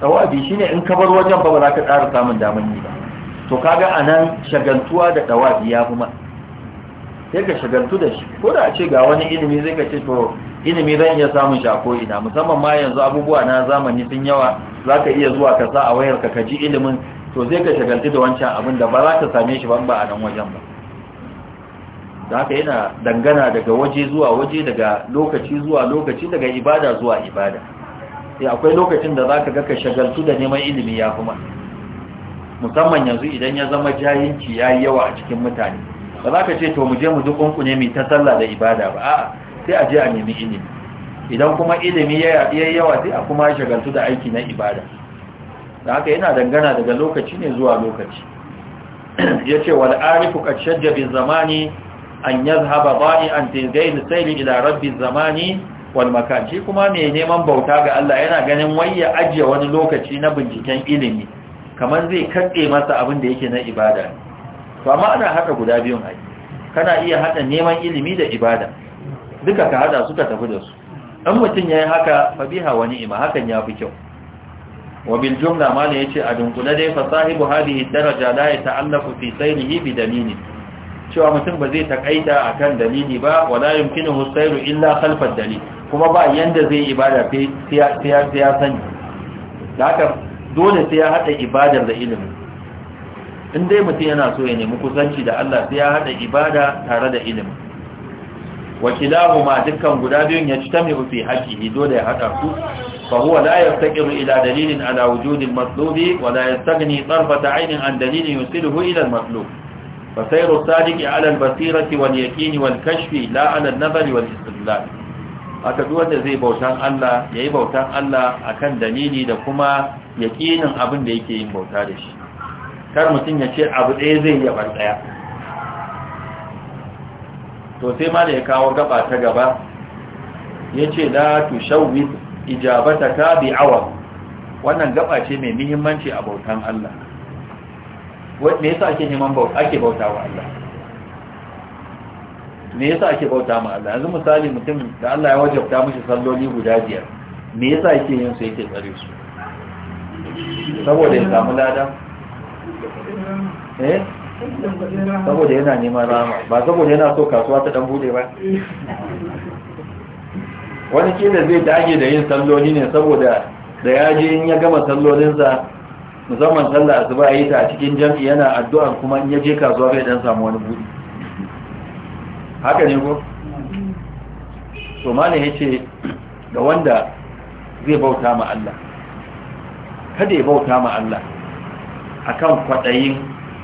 tawafi shine in kabar wajen ba ba za samun damar yi ba to kaga a nan shagantuwa da tawafi ya fi ma sai ka shagantu da shi ko da a ce ga wani ilimi zai ka ce to ilimi zan iya samun shi a ko'ina musamman ma yanzu abubuwa na zamani sun yawa za ka iya zuwa ka sa a wayar ka ji ilimin to zai ka shagaltu da wancan abin da ba za ta same shi ban ba a nan wajen ba da haka yana dangana daga waje zuwa waje daga lokaci zuwa lokaci daga ibada zuwa ibada sai akwai lokacin da za ka ga ka shagaltu da neman ilimi ya kuma musamman yanzu idan ya zama jayinci ya yi yawa a cikin mutane ba za ka ce to mu je mu duk ne mai ta sallah da ibada ba a'a sai a je a nemi ilimi idan kuma ilimi ya yi yawa sai a kuma shagaltu da aiki na ibada da haka yana dangana daga lokaci ne zuwa lokaci (clears throat) ya ce wal arifu qad shajja bi zamani an yazhaba bani an tilgaini sayli ila rabbi zamani wal makan kuma mai neman bauta ga Allah yana ganin wai ya ajiye wani lokaci na binciken ilimi kamar zai katse masa abin da yake na ibada to amma ana haɗa guda biyun ai kana iya haɗa neman ilimi da ibada duka ka hada suka tafi da su Ɗan mutum yayi haka fa biha wani ima hakan ya fi kyau wabil jumla ya ce a dunkule dai fa sahibu hadhihi daraja la yata'allaqu fi sayrihi bi dalili cewa mutum ba zai takaita akan dalili ba wala yumkinuhu sayru illa khalfa dalil kuma ba yanda zai ibada sai ya sai ya sani haka dole sai ya hada ibadar da ilimi in dai mutum yana so ya nemi kusanci da Allah sai ya hada ibada tare da ilimi wakilahuma dukkan guda biyun ya ci ta mai fi haƙi dole ya hada su فهو لا يفتقر إلى دليل على وجود المطلوب ولا يستغني طرفة عين عن دليل يوصله إلى المطلوب فسير السالك على البصيرة واليقين والكشف لا على النظر والاستدلال aka duk wanda zai bautan Allah yayi bautan Allah akan dalili da kuma yakinin abin da yake yin bauta da shi kar mutum ya ce abu ɗaya zai yi bar ɗaya to sai ma da ya kawo gaba ta gaba yace la tushawwith ijabata ta bi awa wannan gaba ce mai muhimmanci a bautan Allah me yasa ake neman bauta ake bauta wa Allah me yasa ake bauta ma Allah yanzu misali mutum da Allah ya wajabta mishi salloli guda biyar me yasa yake yin su yake tsare su saboda ya samu lada eh saboda yana neman rama ba saboda yana so kasuwa ta dan bude ba wani kila zai dage da yin salloli ne saboda da ya je in ya gama sallolinsa musamman sallah asuba yi ta a cikin jam'i yana addu'a kuma in ya je kasuwa bai dan samu wani buɗi haka ne ko to malam yace da wanda zai bauta ma Allah kada ya bauta ma Allah akan kwadayin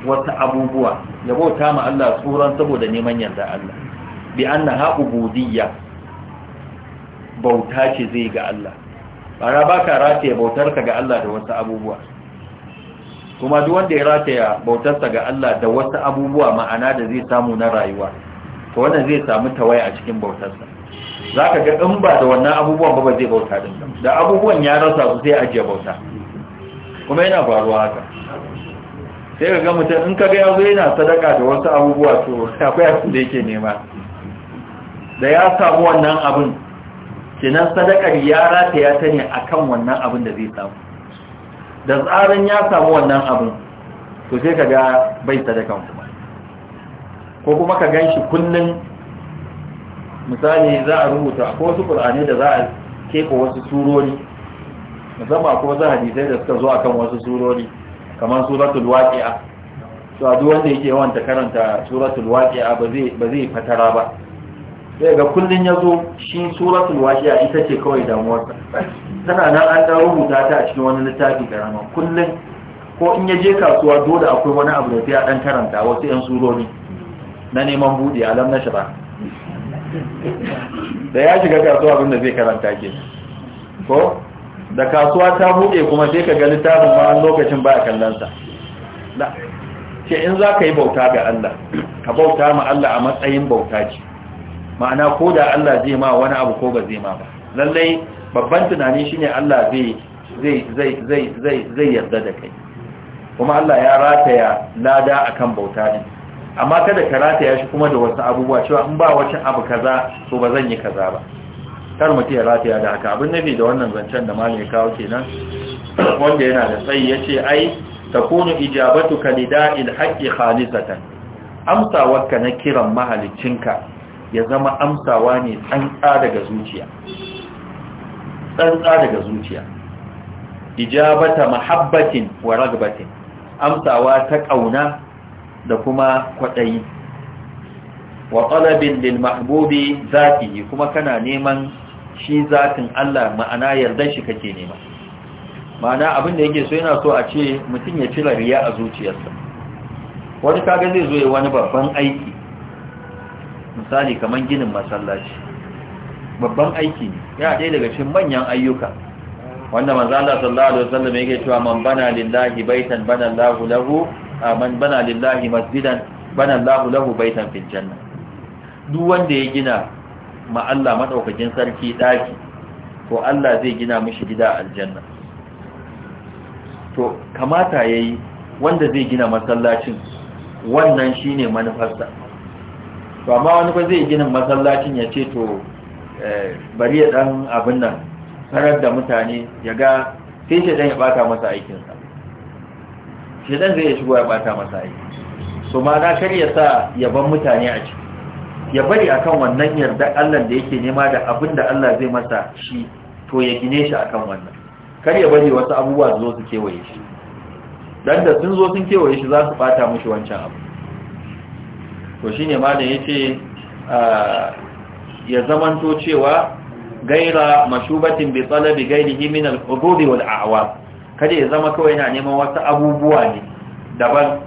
wasu abubuwa ya bauta ma Allah tsoron saboda neman yarda Allah bi anna ha ubudiyya bauta ce zai ga Allah bara ba ka rataya bautarka ga Allah da wasu abubuwa kuma duk wanda ya rataya bautarsa ga Allah da wasu abubuwa ma'ana da zai samu na rayuwa to wannan zai samu tawaya a cikin bautarsa za ka ga in ba da wannan abubuwan ba ba zai bauta din da abubuwan ya rasa su sai ajiye bauta kuma yana faruwa haka sai ka ga mutum in ka ga ya zo yana sadaka da wasu abubuwa to akwai abin da yake nema da ya samu wannan abin kenan sadakar ya rataya ta ne akan wannan abin da zai samu da tsarin ya samu wannan abin to sai ka ga bai sadakan kuma ko kuma ka gan shi kullum misali za a rubuta ko wasu ƙul'ani da za a keɓe wasu surori musamman ko wasu hadisai da suka zo a kan wasu surori kamar suratul waƙi'a Su a duwanda yake yawan ta karanta suratul waƙi'a ba zai fatara ba Daga kullum kullun ya zo shi suratul washiya ita ce kawai damuwarsa tana nan an da rubuta ta a cikin wani littafi karama kullun ko in ya je kasuwa dole akwai wani abu da sai dan karanta wasu yan surori na neman buɗe alam na shara da ya shiga kasuwa abinda zai karanta ke ko da kasuwa ta buɗe kuma sai ka ga littafin ma lokacin ba baya kallonsa ce in za ka yi bauta ga Allah ka bauta ma Allah a matsayin bauta ce ma'ana ko da Allah zai ma wani abu ko ba zai ma ba lallai babban tunani shine Allah zai yarda da kai kuma Allah ya rataya lada akan bauta din amma kada ka rataya shi kuma da wasu abubuwa cewa in ba wacin abu kaza to ba zan yi kaza ba kar mu ya rataya da haka abin nabi da wannan zancen da ya kawo kenan wanda yana da tsayi ya ce ai ta takunu ijabatuka lida'il haqqi khalisatan amsawarka na kiran mahaliccinka ya zama amsawa ne tsantsa daga zuciya tsantsa daga zuciya ijabata mahabbatin wa ragbatin amsawa ta kauna da kuma kwadayi wa talabin lil mahbubi zatihi kuma kana neman shi zatin Allah ma'ana yardan shi kake nema ma'ana abin da yake so yana so a ce mutum ya cire riya a zuciyarsa wani kaga zai zo ya wani babban aiki misali kamar ginin masallaci babban aiki ne ya ɗaya daga cikin manyan ayyuka wanda manzo Allah sallallahu alaihi wasallam yake cewa man bana lillahi baitan bana Allahu lahu man bana lillahi masjidan bana Allahu lahu baitan fil janna duk wanda ya gina ma Allah madaukakin sarki daki to Allah zai gina mishi gida aljanna to kamata yayi wanda zai gina masallacin wannan shine manufarsa to amma wani ba zai ginin masallacin ya ce to eh, bari ya dan abin nan sanar da mutane ya ga sai shi dan ya bata masa aikinsa dan zai ya shigo ya bata masa aiki so ma na kar ya sa yaban mutane a ciki ya bari akan wannan yarda Allah da yake nema da abin da Allah zai masa shi to ya gine shi akan wannan kar ya bari wasu abubuwa zo su kewaye shi dan da sun zo sun kewaye shi za su bata mushi wancan abu to shi ne yace ya zamanto cewa gaira mashubatin bi talabi gairihi min al-hudud a'wa kada ya zama kawai yana neman wasu abubuwa ne daban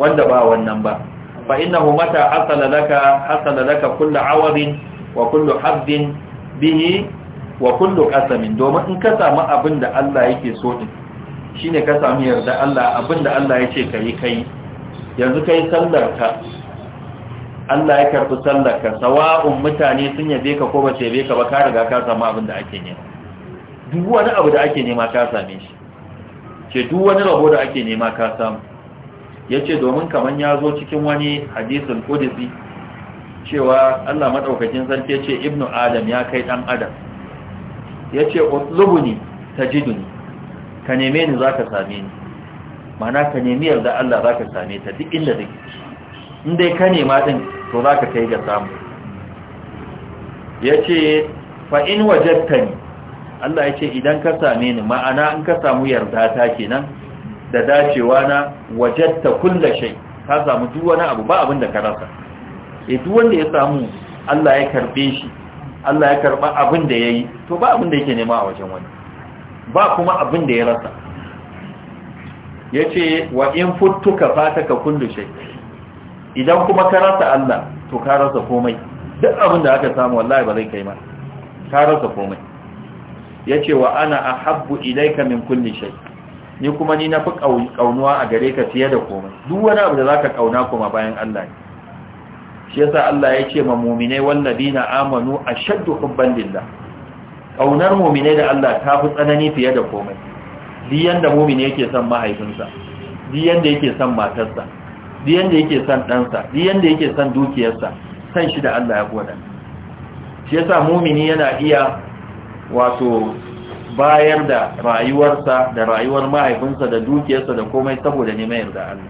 wanda ba wannan ba fa ina mata hasala laka hasala laka kullu awadin wa kullu haddin bihi wa kullu kasamin. domin in ka samu abin da Allah yake so din ne ka samu yarda Allah abin da Allah yace yi kai yanzu kai sallar ka Allah ya karɓi sallarka sawa'un mutane sun yabe ka ko ba su yabe ka ba ka riga ka samu abin da ake nema duk wani abu da ake nema ka same shi ce duk wani rabo da ake nema ka samu ya ce domin kaman ya zo cikin wani hadisin kudisi cewa Allah madaukakin sarki ce ibnu adam ya kai ɗan adam ya ce, ta ji duni, ka neme ni za ka same ni mana ka nemi yarda Allah za ka same ta duk inda take in dai ka nema din to za ka kai ga samu ya ce fa'in ne. Allah ya ce idan ka same ni ma'ana in ka samu yarda ta kenan da dacewa na wajatta kulla shai ka samu duk abu ba abin da ka rasa e eh, duwanda ya samu Allah ya karbe shi Allah ya karba abin da yi, to ba abin da yake nema a wajen wani ba kuma abin da ya rasa yace wa in futtuka fataka kullu shay idan kuma ka rasa Allah to ka rasa komai duk abin da aka samu wallahi ba zai kai ma ka rasa komai yace wa ana ahabbu ilayka min kulli shay ni kuma ni nafi kaunuwa a gare ka fiye da komai duk wani abu da zaka kauna kuma bayan Allah ne shi yasa Allah ya ce ma mu'minai na amanu ashaddu hubban lillah kaunar mu'minai da Allah ta fi tsanani fiye da komai duk yanda mu'mini yake son mahaifinsa duk yanda yake son matarsa duk yanda yake son ɗansa duk yanda yake son dukiyarsa san shi da Allah ya gwada shi yasa mumini yana iya wato bayar da rayuwarsa da rayuwar mahaifinsa da dukiyarsa da komai saboda neman yarda Allah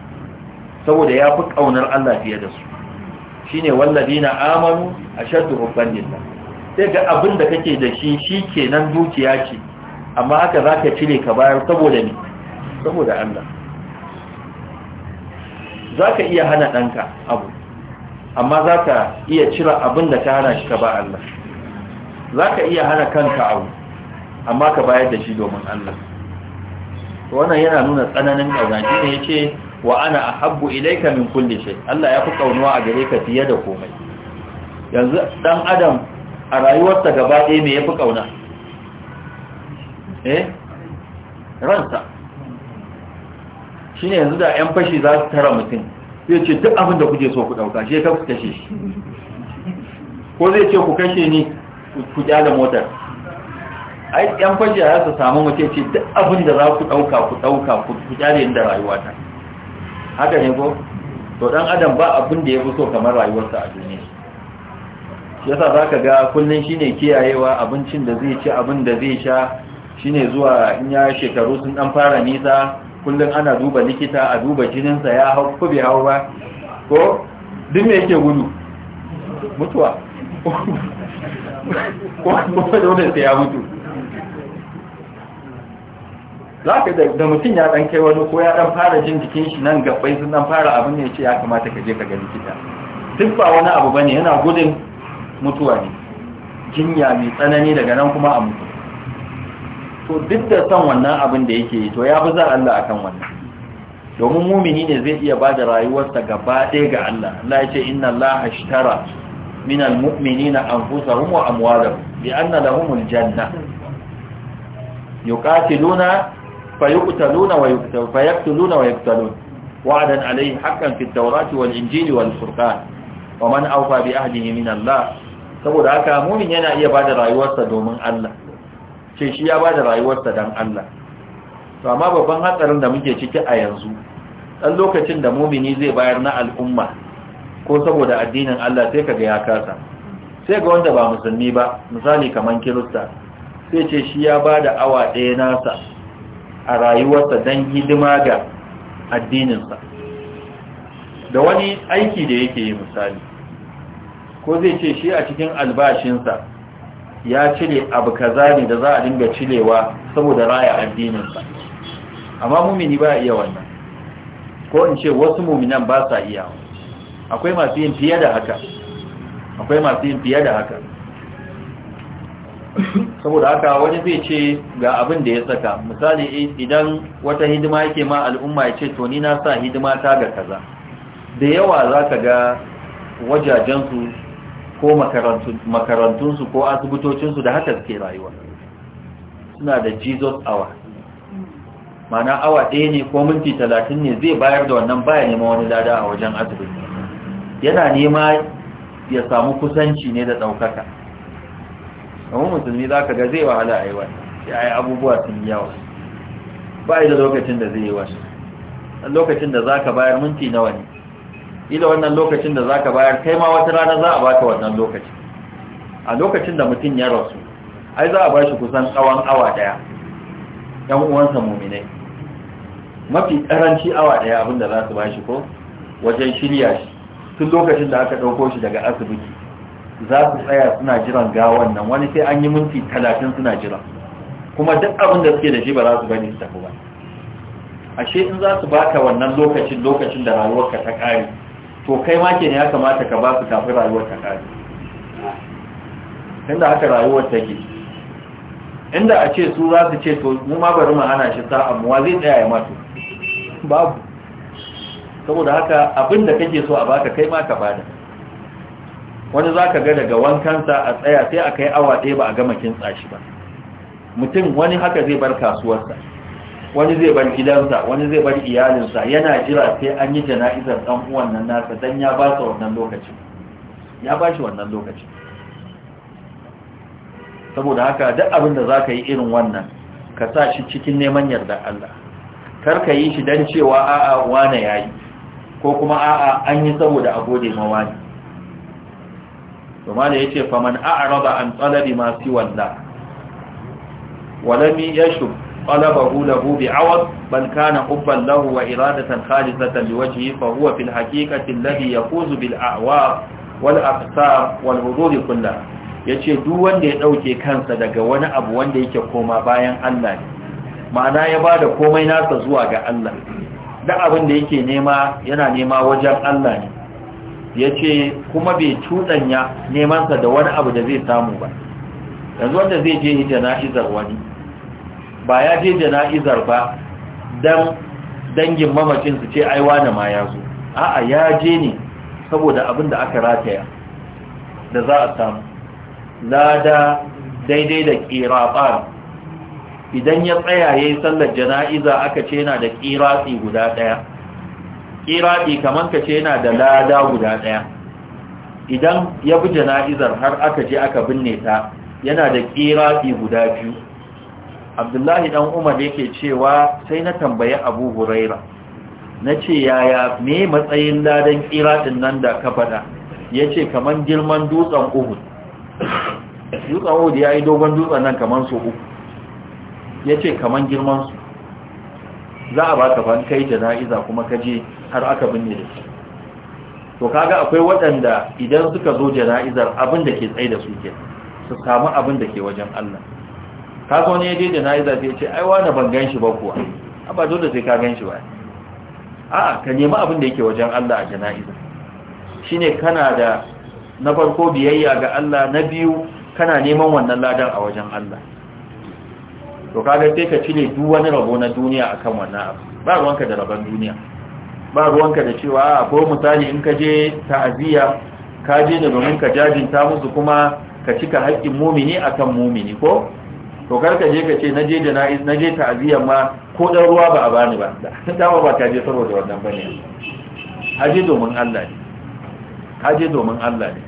saboda ya fi ƙaunar Allah fiye da su shine walladina amanu ashaddu hubban lillah sai ga abin da kake da shi shi kenan dukiya ce amma haka zaka cire ka bayar saboda ni, saboda Allah za ka iya hana ɗanka abu amma za ka iya cire abin da ta hana shi ka ba Allah za ka iya hana kanka abu amma ka bayar da shi domin Allah wannan yana nuna tsananin ƙazaji ne ya ce wa ana a habbu ilaika min kulle shi, Allah ya fi ƙaunuwa a gare ka fiye da komai yanzu ɗan adam a rayuwarsa gaba ɗaya me ya fi ƙauna eh ransa ne yanzu da yan fashi za su tara mutum zai ce duk abin da kuke so ku dauka shi ka kashe shi ko zai ce ku kashe ni ku kyale motar yi yan fashi ya yasa samu mutum ce duk abin da za ku dauka ku dauka ku kyale inda rayuwata haka ne ko to dan adam ba abin da ya fi so kamar rayuwarsa a duniya shi yasa ka ga shi shine kiyayewa abincin da zai ci abin da zai sha shine zuwa in ya shekaru sun dan fara nisa kullum ana duba likita a duba jininsa ya hau ko bai hau ba ko duk me yake gudu mutuwa ko dole sai ya mutu za ka da mutum ya dan kai wani ko ya dan fara jin jikin shi nan gabbai sun dan fara abin ne ce ya kamata ka je ka ga likita duk ba wani abu bane yana gudun mutuwa ne jinya mai tsanani daga nan kuma a mutu to duk da son wannan abin da yake yi to ya fi zan Allah akan wannan domin mumini ne zai iya ba da rayuwarsa gaba ɗaya ga Allah Allah ya ce inna Allah ashtara min almu'minina anfusahum wa amwalahum bi anna lahumul janna yuqatiluna luna, wa yuqtaluna fayaqtuluna wa yuqtaluna wa'dan alayhi hakan fit tawrati wal injili wal furqan wa man awfa bi ahdihi min Allah saboda haka mumin yana iya ba da rayuwarsa domin Allah ce shi ya ba da rayuwarsa don Allah to amma babban hatsarin da muke ciki a yanzu ɗan lokacin da mumini zai bayar na al'umma ko saboda addinin Allah sai kaga ya kasa sai ga wanda ba musulmi ba misali kamar kirista sai ce shi ya ba da awa ɗaya nasa a rayuwarsa don hidima ga addininsa da wani aiki da yake yi misali ko zai ce shi a cikin albashinsa ya cire abu kaza ne da za a dinga cirewa saboda raya addininsa amma mumini ba iya wannan ko in ce wasu muminan ba sa iya akwai masu yin fiye da haka akwai masu yin fiye da haka saboda haka wani zai ce ga abin da ya saka misali idan wata hidima yake ma al'umma ya ce to ni na sa hidima ta ga kaza da yawa za ka ga wajajensu ko makarantunsu ko asibitocinsu da haka suke rayuwa suna da jesus awa mana awa ɗaya ne ko minti talatin ne zai bayar da wannan baya nema wani lada a wajen asibiti yana nema ya samu kusanci ne da ɗaukaka Kamar musulmi za ka ga zai wahala a yi wani ya yi abubuwa sun yi yawa ba da lokacin da zai yi wani lokacin da za ka bayar minti nawa ne ila wannan lokacin da zaka bayar kai ma wata rana za a baka wannan lokacin a lokacin da mutum ya rasu ai za a bashi kusan tsawon awa daya yan uwansa muminai mafi karanci awa daya abinda za su bashi ko wajen shirya shi tun lokacin da aka ɗauko shi daga asibiti za su tsaya suna jiran gawan nan wani sai an yi minti talatin suna jira kuma duk abin da suke da shi ba za su ba su tafi ba ashe in za su baka wannan lokacin lokacin da rayuwarka ta kare. to kai ma ne ya kamata ka ba su kafin rayuwar ta kare tunda haka rayuwar ke. inda a ce su za su ce to mu ma bari mu hana shi sa'a wa zai tsaya ya mato babu saboda haka abin da kake so a baka kai ma ka bada wani za ka ga daga wankansa a tsaya sai a kai awa ɗaya ba a gama kintsa shi ba mutum wani haka zai bar kasuwarsa wani zai bar gidansa wani zai bar iyalinsa yana jira sai an yi jana'izar dan uwan nan nasa dan ya ba sa wannan lokacin ya ba shi wannan lokaci saboda haka duk abin da zaka yi irin wannan ka sa shi cikin neman yarda Allah kar ka yi shi dan cewa a'a wane yayi ko kuma a'a an yi saboda a gode ma wani kuma da yace faman a'raba an talabi ma si walla walami yashub طلبه له بعوض بل كان حبا له وإرادة خالصة لوجهه فهو في الحقيقة الذي يفوز بالأعوار والأقصار والهضور كلها yace duk wanda ya dauke kansa daga wani abu wanda yake koma bayan Allah ne ma'ana ya bada komai nasa zuwa ga Allah da abin da yake nema yana nema wajen Allah ne yace kuma bai tudanya neman sa da wani abu da zai samu ba yanzu wanda zai je jana'izar wani ba ya je jana'izar ba dan dangin mamacin su ce aiwa na ma ya zo a'a ya je ne saboda abin da aka rataya da za a samu lada daidai da ƙiraɓar idan ya tsaya ya sallar jana'iza aka ce yana da ƙiraɓi guda ɗaya ƙiraɓi kamar ka ce yana da lada guda ɗaya idan ya bi jana'izar har aka je aka binne ta yana da ƙiraɓi guda biyu abdullahi dan umar yake cewa sai na tambayi abu huraira na ce yaya me matsayin ladan iraɗin nan da ka faɗa ya ce kamar girman dutsen uhud dutsen uhud ya yi dogon dutsen nan kamar su uku ya ce kamar girman su za a baka ban kai jana'iza kuma ka je har aka binne da shi to kaga akwai waɗanda idan suka zo jana'izar abin da ke tsaye da su ke su samu abin da ke wajen Allah ka zo ne da nayi sai ce ai wani ban ganshi ba kuwa a ah, ba dole sai ka ganshi ba a'a ka nemi abin da yake wajen Allah a jana'iza shine kana da na farko biyayya ga Allah na biyu kana neman wannan ladan a wajen Allah to kaga sai ka cire duk wani rabo na duniya akan wannan abu ba ruwanka da rabon duniya ba ruwanka da cewa ko misali in ka je ta'aziyya ka je da domin ka jajinta musu kuma ka cika haƙƙin mumini akan mumini ko to karka je ka ce na je da na je ta'aziyar ma ko dan ruwa ba a bani ba dama ba ta je saboda wannan bane haje domin Allah ne domin Allah ne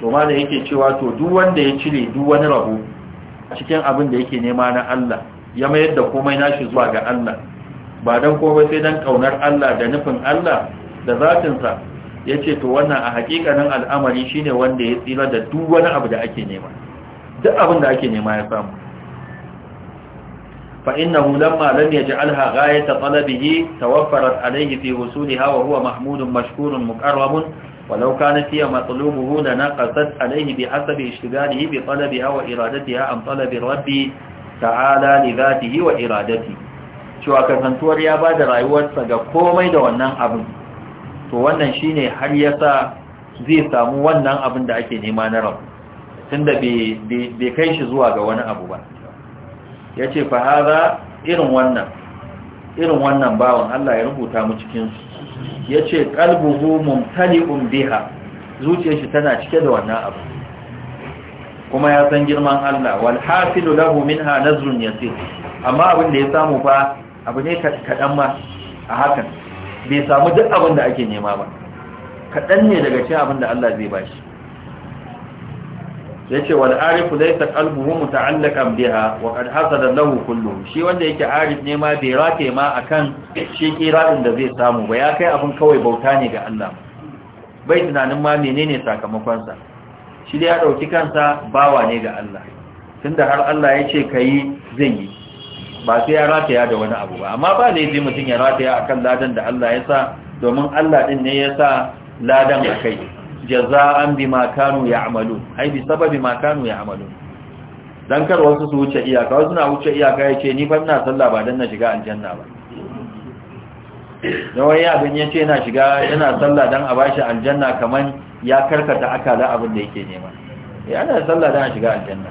to ma da yake cewa to duk wanda ya cire duk wani a cikin abin da yake nema na Allah ya mayar da komai nashi zuwa ga Allah ba dan komai sai dan kaunar Allah da nufin Allah da zatin ya ce to wannan a hakikanin al'amari shine wanda ya tsira da duk wani abu da ake nema duk abin da ake nema ya samu fa innahu lamma lam yaj'alha ghayata ta tawaffarat alaihi fi wusuliha hawa huwa Mahmudu mashkurun muqarrabun ولو كان فيها مطلوبه لنقصت عليه بحسب اشتغاله بطلبها وإرادتها عن طلب الرب تعالى لذاته وإرادته شو أكثنتور يا بعد ga komai da wannan abin, to wannan shine har yasa zai samu wannan abin da ake nema na rabu tunda bai kai shi zuwa ga wani abu ba ya ce fa irin wannan irin wannan bawan Allah ya rubuta mu cikinsu ya ce ƙalbuhu mumtali'un biha zuciyar shi tana cike da wannan abu kuma ya san girman Allah wal hafilu lahu minha nazrun yasir amma abin da ya samu fa abu ne kaɗan ma a hakan bai samu duk abin da ake nema ba kaɗan ne daga cikin abin da Allah zai bashi Ya ce, wani arifu laysa qalbuhu muta'allaqan biha wa qad da lahu kullum, shi wanda yake arif ne ma bai rate ma akan shi kiradin da zai samu ba ya kai abin kawai bauta ne ga Allah bai tunanin ma menene sakamakonsa? shi da ya ɗauki kansa bawa ne ga Allah tunda har Allah yace kai zai yi ba sai ya rataya da wani abu ba amma ba laifi mutum ya rataya akan ladan da Allah ya sa domin Allah ɗin ne ya sa ladan a kai jaza'an bima kanu ya'malun ai bi sababi ma kanu ya'malun dan kar wasu su wuce iyaka wasu na wuce iyaka yace ni fa ina sallah ba dan na shiga aljanna ba dan wani abin ya ce yana shiga ina sallah dan a bashi aljanna kaman ya karkata akala abin da yake nema yana eh, sallah dan a shiga aljanna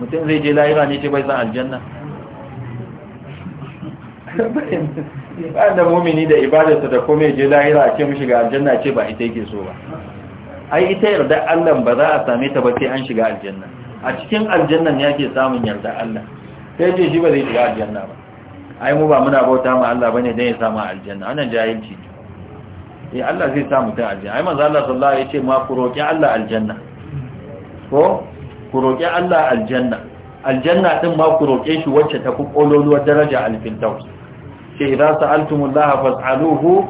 mutum zai je lahira ne ce bai san aljanna ba da mumini da ibadarsa da kome je lahira ce mu shiga aljanna ce ba ita yake so ba ai ita yarda Allah ba za a same ta ba sai an shiga aljanna a cikin aljannan yake samun yarda Allah sai ce shi ba zai shiga aljanna ba ai mu ba muna bauta ma Allah bane dan ya samu aljanna wannan jahilci ne eh Allah zai samu ta aljanna ai manzo Allah sallallahu alaihi wasallam ya ce ma ku roki Allah aljanna ko ku roki Allah aljanna aljanna din ma ku roke shi wacce ta ku kololuwar daraja alfirdaus ce idan sa'altumullaha fas'aluhu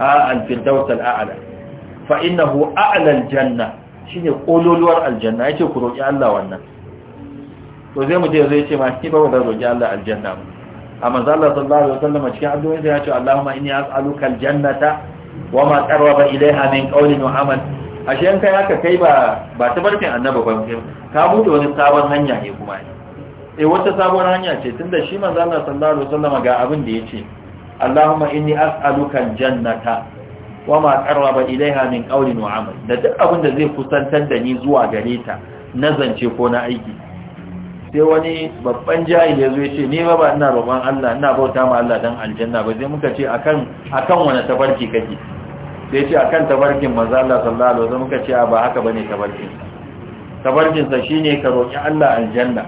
a alfirdaus al'a'la fa innahu a'lal janna shine kololuwar aljanna ce ku roki Allah wannan to zai mu je zai ce ma shi ba wanda roki Allah aljanna ba amma Allah sallallahu alaihi wasallam cikin addu'a ya ce Allahumma inni as'aluka aljannata wama qarraba ilaiha min qawlin Muhammad. amal ashe an kai haka kai ba ba tabarkin annaba ba ka bude wani sabon hanya ne kuma eh wata sabon hanya ce tunda shi manzo Allah sallallahu alaihi wasallam ga abin da ce. Allahumma inni as'aluka aljannata wa ma qarraba ilaiha min qawlin wa amal da duk abin da zai kusantar da ni zuwa gare ta na zance ko na aiki sai wani babban jahil ya zo ya ce ni ba ba ina roƙon Allah ina bauta ma Allah dan aljanna ba sai muka ce akan akan wani tabarki kake sai ce akan tabarkin manzo Allah sallallahu alaihi wasallam muka ce ba haka bane tabarkin tabarkin sa shine ka roƙi Allah aljanna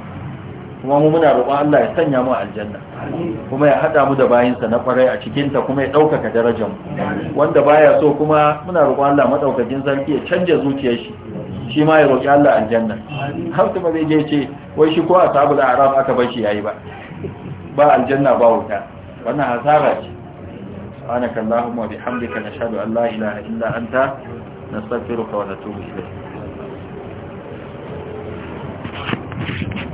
kuma mu muna roƙon Allah ya sanya mu aljanna kuma ya hada mu da bayinsa na kwarai a cikin ta kuma ya ɗaukaka darajar mu wanda baya so kuma muna roƙon Allah madaukakin sarki ya canja zuciyar shi shi ma ya roƙi Allah aljanna har kuma zai je ce wai shi ko ashabul a'raf aka bar shi yayi ba ba aljanna ba wuta wannan hasara ce سبحانك اللهم وبحمدك نشهد أن لا إله إلا أنت نستغفرك ونتوب إليك